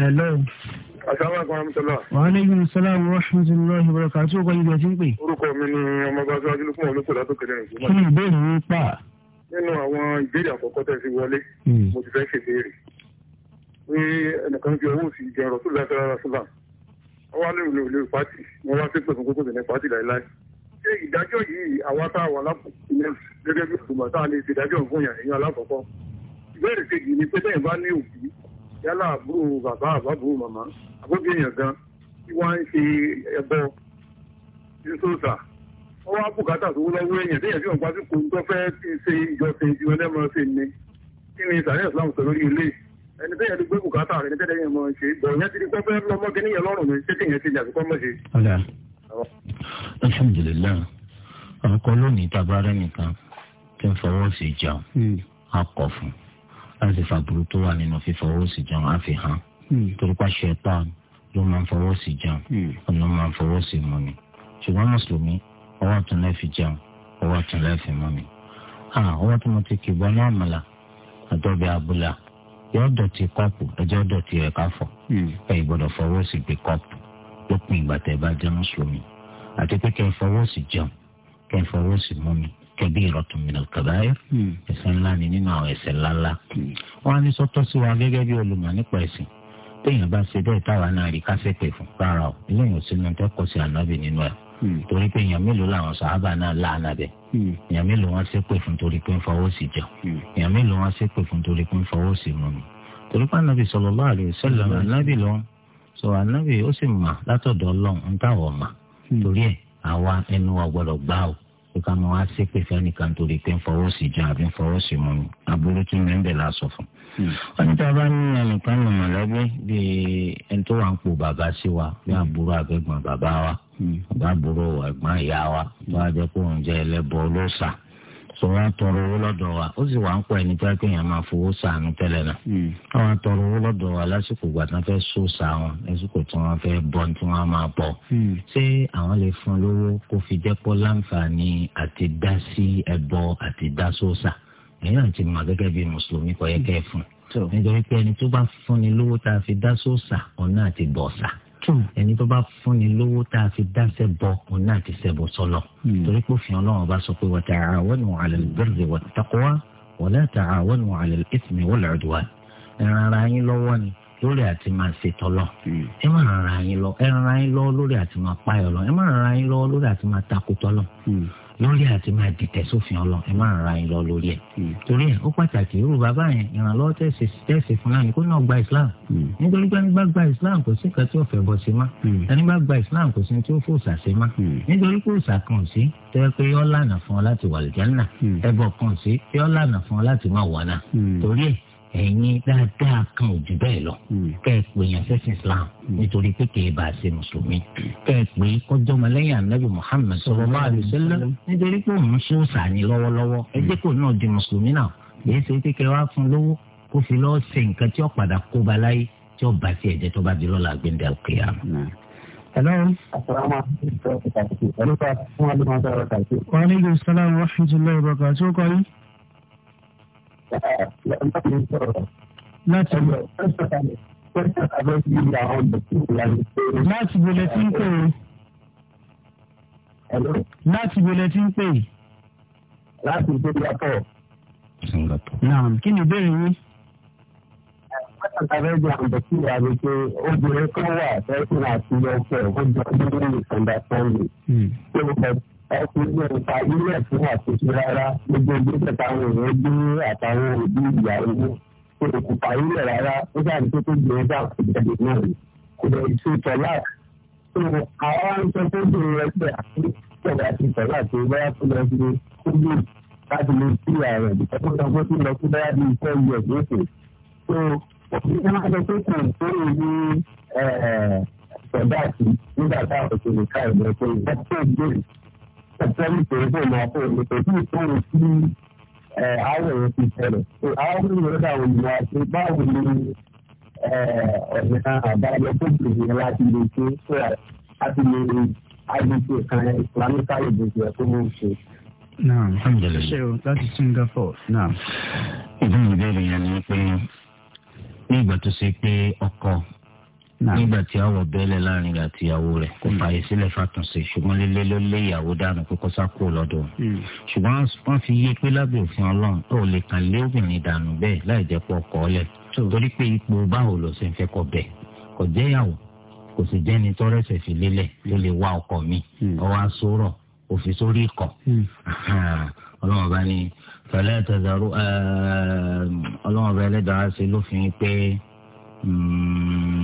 [SPEAKER 1] Ẹ̀lọ́. Assalamu alaikum. Wa alaikum assalam wa rahmatullahi wa barakatuh. Tí ó kọ́ ibi ẹ̀sìn pè. Orúkọ mi ni ọmọ bá sọ Ajílùkún olóko látòkè ní Nàìjíríà. Kí ni ìbéèrè yín pa? Nínú àwọn ìbéèrè àkọ́kọ́ tẹ̀ sí wọlé, hmm. mo ti fẹ́ ṣe béèrè. Pé ẹnìkan fi owó sí ìjẹun rọ̀ sódà sára sọ́là. Wọ́n wá lórí olè pàtì, wọ́n wá sí pẹ̀sùn kókó tẹ̀lé pàtì láéláé. Ṣé ìdájọ́ yìí àwa tá a wà lápòkínẹ́ gẹ́gẹ́ bí òṣùmọ̀ tá a lè ṣèdájọ́ fún yàn ẹ̀yìn yálà àbúrò bàbá àbábò màmá àbójú èèyàn gan tí wọ́n ń ṣe ẹbọ ìṣòṣà wọ́n wá bùkátà tó lọ́wọ́ èèyàn téèyàn fi hàn pa sípò tó fẹ́ ti ṣe ìjọsìn ìjọ ẹlẹ́mọ ṣe ni kí ni sàrẹ́ islam sọ lórí ilé ẹni téèyàn ti gbé bùkátà rẹ̀ ní tẹ́lẹ̀ yẹn mọ̀ ṣe bọ̀ yẹn ti di pẹ́ lọ́mọ kí níyẹn lọ́rùn mi ṣé kéèyàn ti jàdùkọ́ mọ̀ ṣe.
[SPEAKER 2] alhamdulilayi ọkọ lónìí tabarẹ nìkan tí ń fọwọ́ sí jẹun hmm. a kọ̀ fún láti fàbùrù tó wà nínú fífọwọ́ sí jẹun á fi hàn Hmm. torípa ṣẹ̀tàn ló máa ń fọwọ́ sí jẹun ọ̀nà hmm. máa ń fọwọ́ sí mu ni ṣùgbọ́n mùsùlùmí ọwọ́ ọ̀tún lẹ́ẹ̀ fi jẹun ọwọ́ ọ̀tún lẹ́ẹ̀ fi mu ni. ọwọ́ tí mo ti kì bọ́ ní àmàlà àtọ́bí abúlà yóò dọ̀tí kọ́ọ̀pù ẹjọ́ dọ̀tí rẹ̀ ká fọ̀ hmm. ẹ̀yìn gbọ́dọ̀ fọwọ́ sí gbé kọ́ọ̀pù lópin ìgbà tẹ̀ bá jẹ́ mùsùlùmí àti pé kẹ́ ẹ fọwọ́ sí jẹun ẹ fọwọ́ ńlá ni nínú àwọn ẹ̀ṣẹ̀ ńláńlá wọn á ní sọ́tọ̀ sí wa gẹ́gẹ́ bí olùmọ̀ nípa ẹ̀sìn téèyàn bá ṣe bẹ́ẹ̀ táwa náà rí kásẹ̀tẹ̀ fún rárá o eléyìí ò sínú tẹ́kọ̀ọ́ sí ànábì nínú ẹ̀ hmm. torí pé èèyàn mélòó làwọn sàábà náà láàánà bẹ̀ hmm. èèyàn mélòó wọn ṣépè fún torí pé ń fọwọ́ sí jẹun hmm. èèyàn mélòó wọn ṣépè fún torí pé ń fọwọ́ sí mu mi torí pé ànábì sallallahu alaihi wasallam ànábì lọ sọ ànábì ó sì mà látọ̀dọ̀ ọlọ́run táwọn mà torí ẹ̀ àwa ẹnu wa gbá o pé ká máa wá ṣépè fẹ́nìkan torí pé ń fọwọ́ sí jẹun àbí ń fọwọ́ sí mu aburú tún mẹ́ńbẹ̀ la sọ fún. Hmm. wọ́n ní tí a bá ní ẹnìkan nù mọ̀lẹ́bí bíi ẹni tó wà ń po bàbá sí wa bí àbúrò àgbẹ̀gbọ̀n bàbá wa bàbá hmm. àbúrò ẹ̀gbọ́n ìyá wa tó a jẹ́ kó òun jẹ́ ẹlẹ́bọ olóòṣà sọ wọn tọrọ owó lọ́dọ̀ wa ó sì wà ń pọ ẹni tó kí èèyàn máa fowó sànù tẹ́lẹ̀ náà àwọn hmm. tọrọ owó lọ́dọ̀ wa lásìkò ìgbà tí wọn fẹẹ so sa wọn lásìkò tí wọn fẹẹ bọ tí wọn máa bọ hmm. ṣé àwọn lè fún lówó kó fi jẹpọ láǹfààní àti dá sí ẹbọ àti dá sóòsà èyí àti mọ gẹ́gẹ́ bíi mùsùlùmí kò yẹ kẹ́ fún hmm. nítorí pé ẹni tó bá fúnni Hmm. ẹni tó bá fúnni lówó tá a fi dáṣẹ bọ òun náà ti ṣẹbọ sọlọ hmm. torí pé òfin Ọlọ́run bá sọ pé wa ta'awanu 'ala al-birri wat-taqwa wa la ta'awanu 'ala al-ithmi wal-'udwan ẹran ara yín lọ́wọ́ ni lórí àti máa ṣe tọlọ hmm. ẹ má ràn ara yín lọ ẹ ara yín lọ lórí àti máa payọ lọ ẹ má ràn ara yín lọ lórí àti máa takò tọlọ lórí àti máa dìtẹ̀ sófin ọlọ ẹ máa ra yín lọ lórí ẹ hmm. torí ẹ ó pàtàkì irú bàbá yẹn ìrànlọ́wọ́ tẹ̀sí tẹ̀sí fún náà ni kó náà gba islam hmm. nítorí pé nígbà gba islam kò sí nǹkan tí ó fẹ́ bọ́ sí ma hmm. ẹni bá gba islam kò sí tí ó fòòsà sí ma nítorí pé kan sí tẹ́ pé yọ́ lànà fún ọ láti wà lìjánà ẹbọ kan sí yọ́ lànà fún ọ láti má wà náà torí ẹ ẹ̀yin dáadáa kan ò jù bẹ́ẹ̀ lọ hmm. kẹ́ ẹ pè islam hmm. nítorí pé kì í bá a ṣe mùsùlùmí kẹ́ ẹ kọjọ́ ọmọlẹ́yìn anabi muhammed sallallahu alaihi wasallam nítorí pé òun sún sàní lọ́wọ́lọ́wọ́ ẹ jẹ́ kó náà di mùsùlùmí náà èyí ṣe pé kẹ́ wá fún lówó kó fi lọ́ọ́ ṣe nǹkan tí ó padà kó ba láyé tí ó bá tiẹ̀ jẹ́ tó bá di lọ́la gbẹ̀ndẹ̀ òkèèyàn
[SPEAKER 1] láti sọ̀rọ̀ láti lọ sọ̀kalẹ̀ pẹ̀lú àbẹ̀ sí ìyá ọ̀dọ̀ tó wà ní pẹ̀lú. láti wọlé tí ń pè é. láti wọlé tí ń pè é. láti ìdókòwò. naam kí ni ìbéèrè yín. Àtàkàrẹ́ jẹ́ àǹdọ̀tí ìyàwó pé obìnrin kan wà fẹ́ẹ́ fún àti ọkọ̀ ọjọ́ ní ìkàndà sọ́ọ̀lù. Ṣé o fẹ́ ọkùnrin ìta ilé ẹ̀fún àtúnṣe rárá gbogbo ìgbésẹ̀ táwọn èèyàn gbé àtàwọn òbí ìyàwó kò lè kópa ilé rárá ó dàbí tó tó gbé ẹgbẹ́ àkùnjẹ́dẹ̀ náà rí kò lè ṣe tọ́lá tó àwọn aṣọ tó gbé ẹgbẹ́ àkùnjẹ́dẹ̀ àti tọ́lá tó báyà tó lọ sí kójú láti lè sí ààrẹ ìtọ́jú ọgbọ́n tó lọ sí báyà bíi iṣẹ́ ìlú ẹ̀gbẹ́ òkè tó òṣìṣẹ́ máa sọ pé kò tó ní ẹ̀ẹ́dẹ̀ẹ́dẹ́ ọ̀pọ̀ nítorí pé ìmọ̀ ọ̀pọ̀ ètò tí ìṣòro sí àwọn èèyàn ti ṣẹlẹ̀. àwọn tó ń lọ dá òun lọ sí báwo ni ọ̀nà àbáyọ tó bèrè láti lè ṣe ṣe láti lè rí àdìsí kan islamical ìdìbò tó ń ṣe. naam ṣe o láti Singapore naam.
[SPEAKER 2] ìdí ìbéèrè yẹn ni pé ní ìgbà tó ṣe pé ọkọ nígbà tí àwọ̀ bẹ́lẹ̀ láàrin rẹ̀ àti ìyàwó rẹ̀ kò hmm. fààyè sílẹ̀ fàtúnṣe ṣùgbọ́n lílé ló lé ìyàwó dànù kókó sákò lọ́dọ̀ hmm. ṣùgbọ́n wọ́n fi yé pé lábẹ́ òfin ọlọ́run ó lè kàn lé obìnrin dànù bẹ́ẹ̀ láì jẹ́ pọ̀ kọ́ ọ́lẹ̀ torí pé ipò báwo ló ṣe ń fẹ́ kọ bẹ́ẹ̀ kò jẹ́ ìyàwó kò sì jẹ́ni tọ́rẹ́sẹ̀ fi lélẹ̀ ló lè wá ọkọ mi ọwọ́ hmm. asọ́rọ̀ òfin sórí ikọ̀ ọlọ́run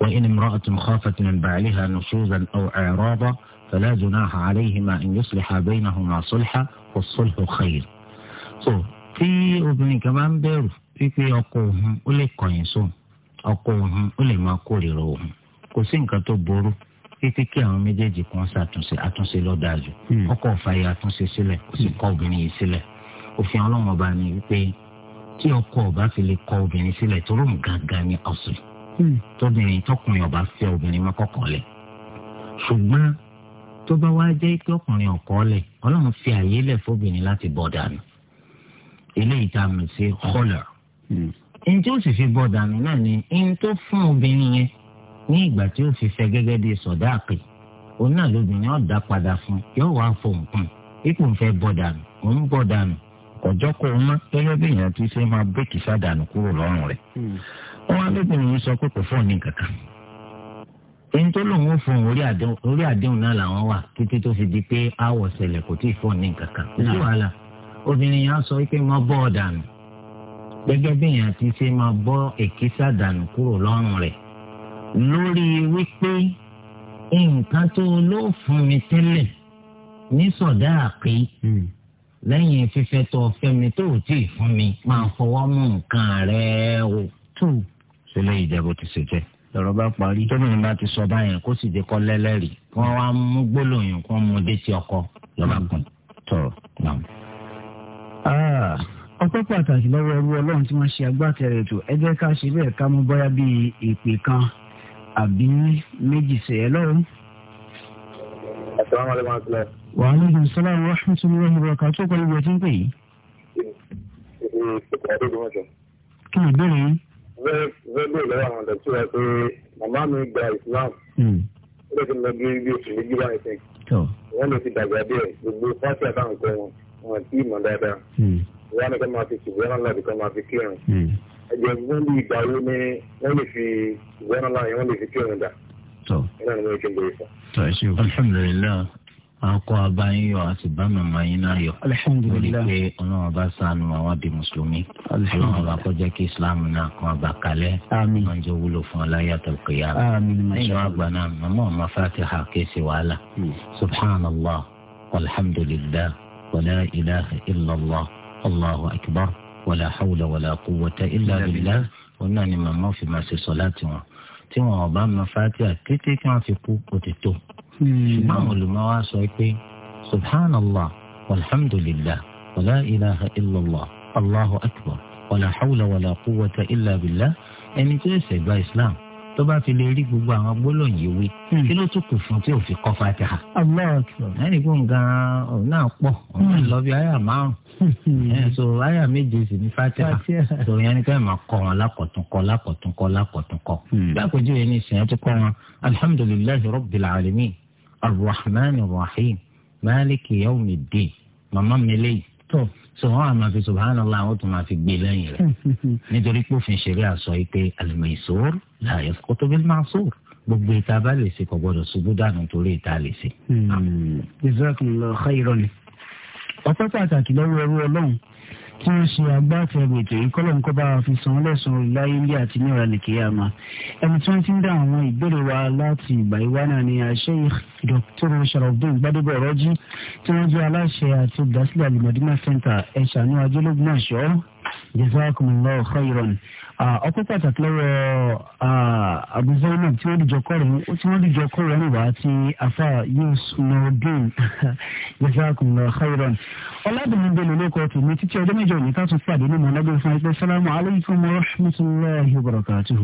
[SPEAKER 2] وإن امرأة خافت من بعلها نشوزا أو إعراضا فلا جناح عليهما أن يصلح بينهما صلحا والصلح خير so tí obìnrin kan bá ń bẹ̀rù wípé ọkọ òun ó lè kọ̀yìn sóun ọkọ òun ó lè máa kórìíra òun kò sí nǹkan tó burú títí kí àwọn méjèèjì kan ṣàtúnṣe àtúnṣe lọ́dáàjù hmm. ọkọ ọ̀fàyè àtúnṣe sílẹ̀ kò sì hmm. kọ̀ obìnrin yìí sílẹ̀ òfin ọlọ́run ọba ni wípé tí ọkọ ọba fi lè kọ̀ obìnrin sílẹ̀ tó rò ń gangan ní ọ̀sìn Hmm. tóbìnrin tọkùnrin ọba fẹ́ obìnrin má kọ́kọ́ lẹ̀ ṣùgbọ́n tó bá wá jẹ́ pé ọkùnrin ọ̀kọ́ lẹ̀ ọlọ́run fi àyè lẹ̀ fóbìnrin láti bọ̀ dànù eléyìí tá a mọ̀ sí kọ́lọ̀ hmm. ẹni tí ó sì fi bọ̀ dànù náà ni ẹni tó fún obìnrin yẹn ní ìgbà tí ó fi fẹ́ gẹ́gẹ́ bí sọ̀dáàpè òun náà lóbìnrin ọ̀ dá padà fún yóò wá fò nǹkan ipò ń fẹ́ bọ̀ dànù òun bọ̀ dànù ọjọ́ kó o mọ́ gẹ́gẹ́ bí èèyàn ti ṣe máa bẹ́ẹ̀kì sádànù kúrò lọ́rùn rẹ̀ hmm wọn arábìnrin yìí sọ pé kò fún ọ ní kankan èyí tó lòun ó fún orí àdéhùn náà làwọn wà títí tó fi di pé àwọ̀ ṣẹlẹ̀ kò tí ì fún ọ ní kankan kò sí wàhálà obìnrin yẹn á sọ pé mo bọ́ ọ dànù gẹ́gẹ́ bí èèyàn ti ṣe máa bọ́ èkísà dànù kúrò lọ́rùn rẹ̀ lórí wípé nǹkan tó ló fún mi tẹ́lẹ̀ ní sọ̀dá àpé hmm. lẹ́yìn fífẹ́ tó fẹ́ mi tó ò tí ì fún mi máa fọwọ́ mú nǹkan rẹ̀ o sílẹ̀ ìjẹ́bù ti ṣe jẹ́ lọ́rọ̀ bá parí tómìnira bá ti sọ báyẹn kó sì jẹ́ kọ́ lẹ́lẹ́rì kí wọ́n wá mú gbólóyìn kí wọ́n mú détí ọkọ lọ́ba kan tọ̀rọ̀ náà. Ah, ọpẹ́ pàtàkì lọ́wọ́ ẹrú ọlọ́run tí wọ́n ṣe agbátẹrẹ ètò ẹ jẹ́ ká ṣe bẹ́ẹ̀ ká mú bọ́yá bíi ìpè
[SPEAKER 1] kan àbí méjì sè é lọ́rùn. wa aleykum salaam wa rahmatulahi wa barakatuh kọ́ni bí o ti ń pè yìí. kí ni ìbéèrè yín fẹ́ẹ́ lò lọ́wọ́ àwọn ọ̀dọ́tí rẹ̀ pé mama mi gba Islam hmm. ó lè fi lọ bí ibi oṣù méjì báyìí sẹ́yìn wọ́n lè ti dàgbà díẹ̀ gbogbo pátí àtàwọn kan wọn wọn ti mọ̀ dáadáa hmm. wọ́n ní kọ́ máa fi ṣùgbọ́n láti kọ́ máa fi kírun hmm. ẹ̀jẹ̀ fún bí ìgbà wo ni wọ́n lè fi ṣùgbọ́n láyé wọ́n lè fi kírun dà.
[SPEAKER 2] alhamdulilayi akọ abayin yọ àti bá màmá yín náà yọ. alhamdulilayi lórí pé ọlọ́run bá sànù àwọn di mùsùlùmí. alhamdulilayi ọlọ́run bá kọjá kí islam náà kan àbá kalẹ̀. àmín wọn jẹ wúlò fún aláyàtọ̀ kìyà. àmín nínú àgbà náà màmá ọmọ fatiha kéésì wàhálà. Hmm. subhanallah walhamdulilayi wàlá ilaha illallah allahu akbar wàlá hawla wàlá quwwata illa billah wọn náà ni màmá fi máa ṣe sọ Hmm. ṣùgbọ́n àwọn olùmọ̀wá sọ pé subhanallah walhamdulillah wàlá ilaha illallah allahu akbar wàlá hawla wàlá quwwata illa billah ẹni tó ẹsẹ̀ gba islam tó bá fi lè rí gbogbo àwọn gbólóhùn yìí wí hmm. kí ló tún kù fún tí ò fi kọ́ fatiha. ẹnì kó nǹkan ọ̀hún náà pọ̀ ọ̀hún hmm. lọ bí àyà márùn-ún so àyà méje sì ní fatiha so yẹn ni káyọ̀ máa kọ́ wọn lákọ̀túnkọ́ lákọ̀túnkọ́ lákọ̀túnkọ́. bí àpèjúwe ní ìsìn ẹ̀ tó kọ́ wọn alhamdulillahi rabbil alamin arrahman rahim maliki yawmi ddin màmá mi lẹ́yìn tó so wọn àmà fi subhanallah àwọn tó máa fi gbé lẹ́yìn rẹ̀ nítorí pé òfin ṣeré àṣọ yìí pé al-maysur la yasqutu bil-ma'sur gbogbo ìta bá lè ṣe kò gbọdọ̀ ṣubú dànù torí ìta lè ṣe. Hmm. jazakumullahu khairan ni ọ̀pẹ́ pàtàkì lọ́wọ́ ẹrú ọlọ́run tí wọ́n
[SPEAKER 1] ṣe agbáfẹ́rù ètò yìí kọ́lọ̀ nǹkan bá wa fi san lẹ́sùn láyé ilé àti ní ọ̀rẹ́ nìkéyàmá ẹni tí wọ́n ti ń dá àwọn ìbéèrè wa láti ìgbà ìwá náà ni Sheikh Dr. Sharafdin Gbadebo Ọ̀rọ̀jì tí wọ́n jẹ́ aláṣẹ àti olùdásílẹ̀ Al-Madina Center ẹ̀ṣánú ajẹ́lógún ọ̀ṣọ́ Jazakumullahu khairan ọpẹ́ pàtàkì lọ́rọ̀ abuzanab tí wọ́n dìjọ kọrin ó tí wọ́n dìjọ kọrin wá tí afa yus nordin jazakumullahu khairan ọládùnmí bẹẹ lọlọ kọ tèmi títí ọjọ́ mẹ́jọ ní ká tún pàdé ní mọlábẹ fún ẹgbẹ́ sálámù alaykum wa rahmatulahi wa barakatuhu.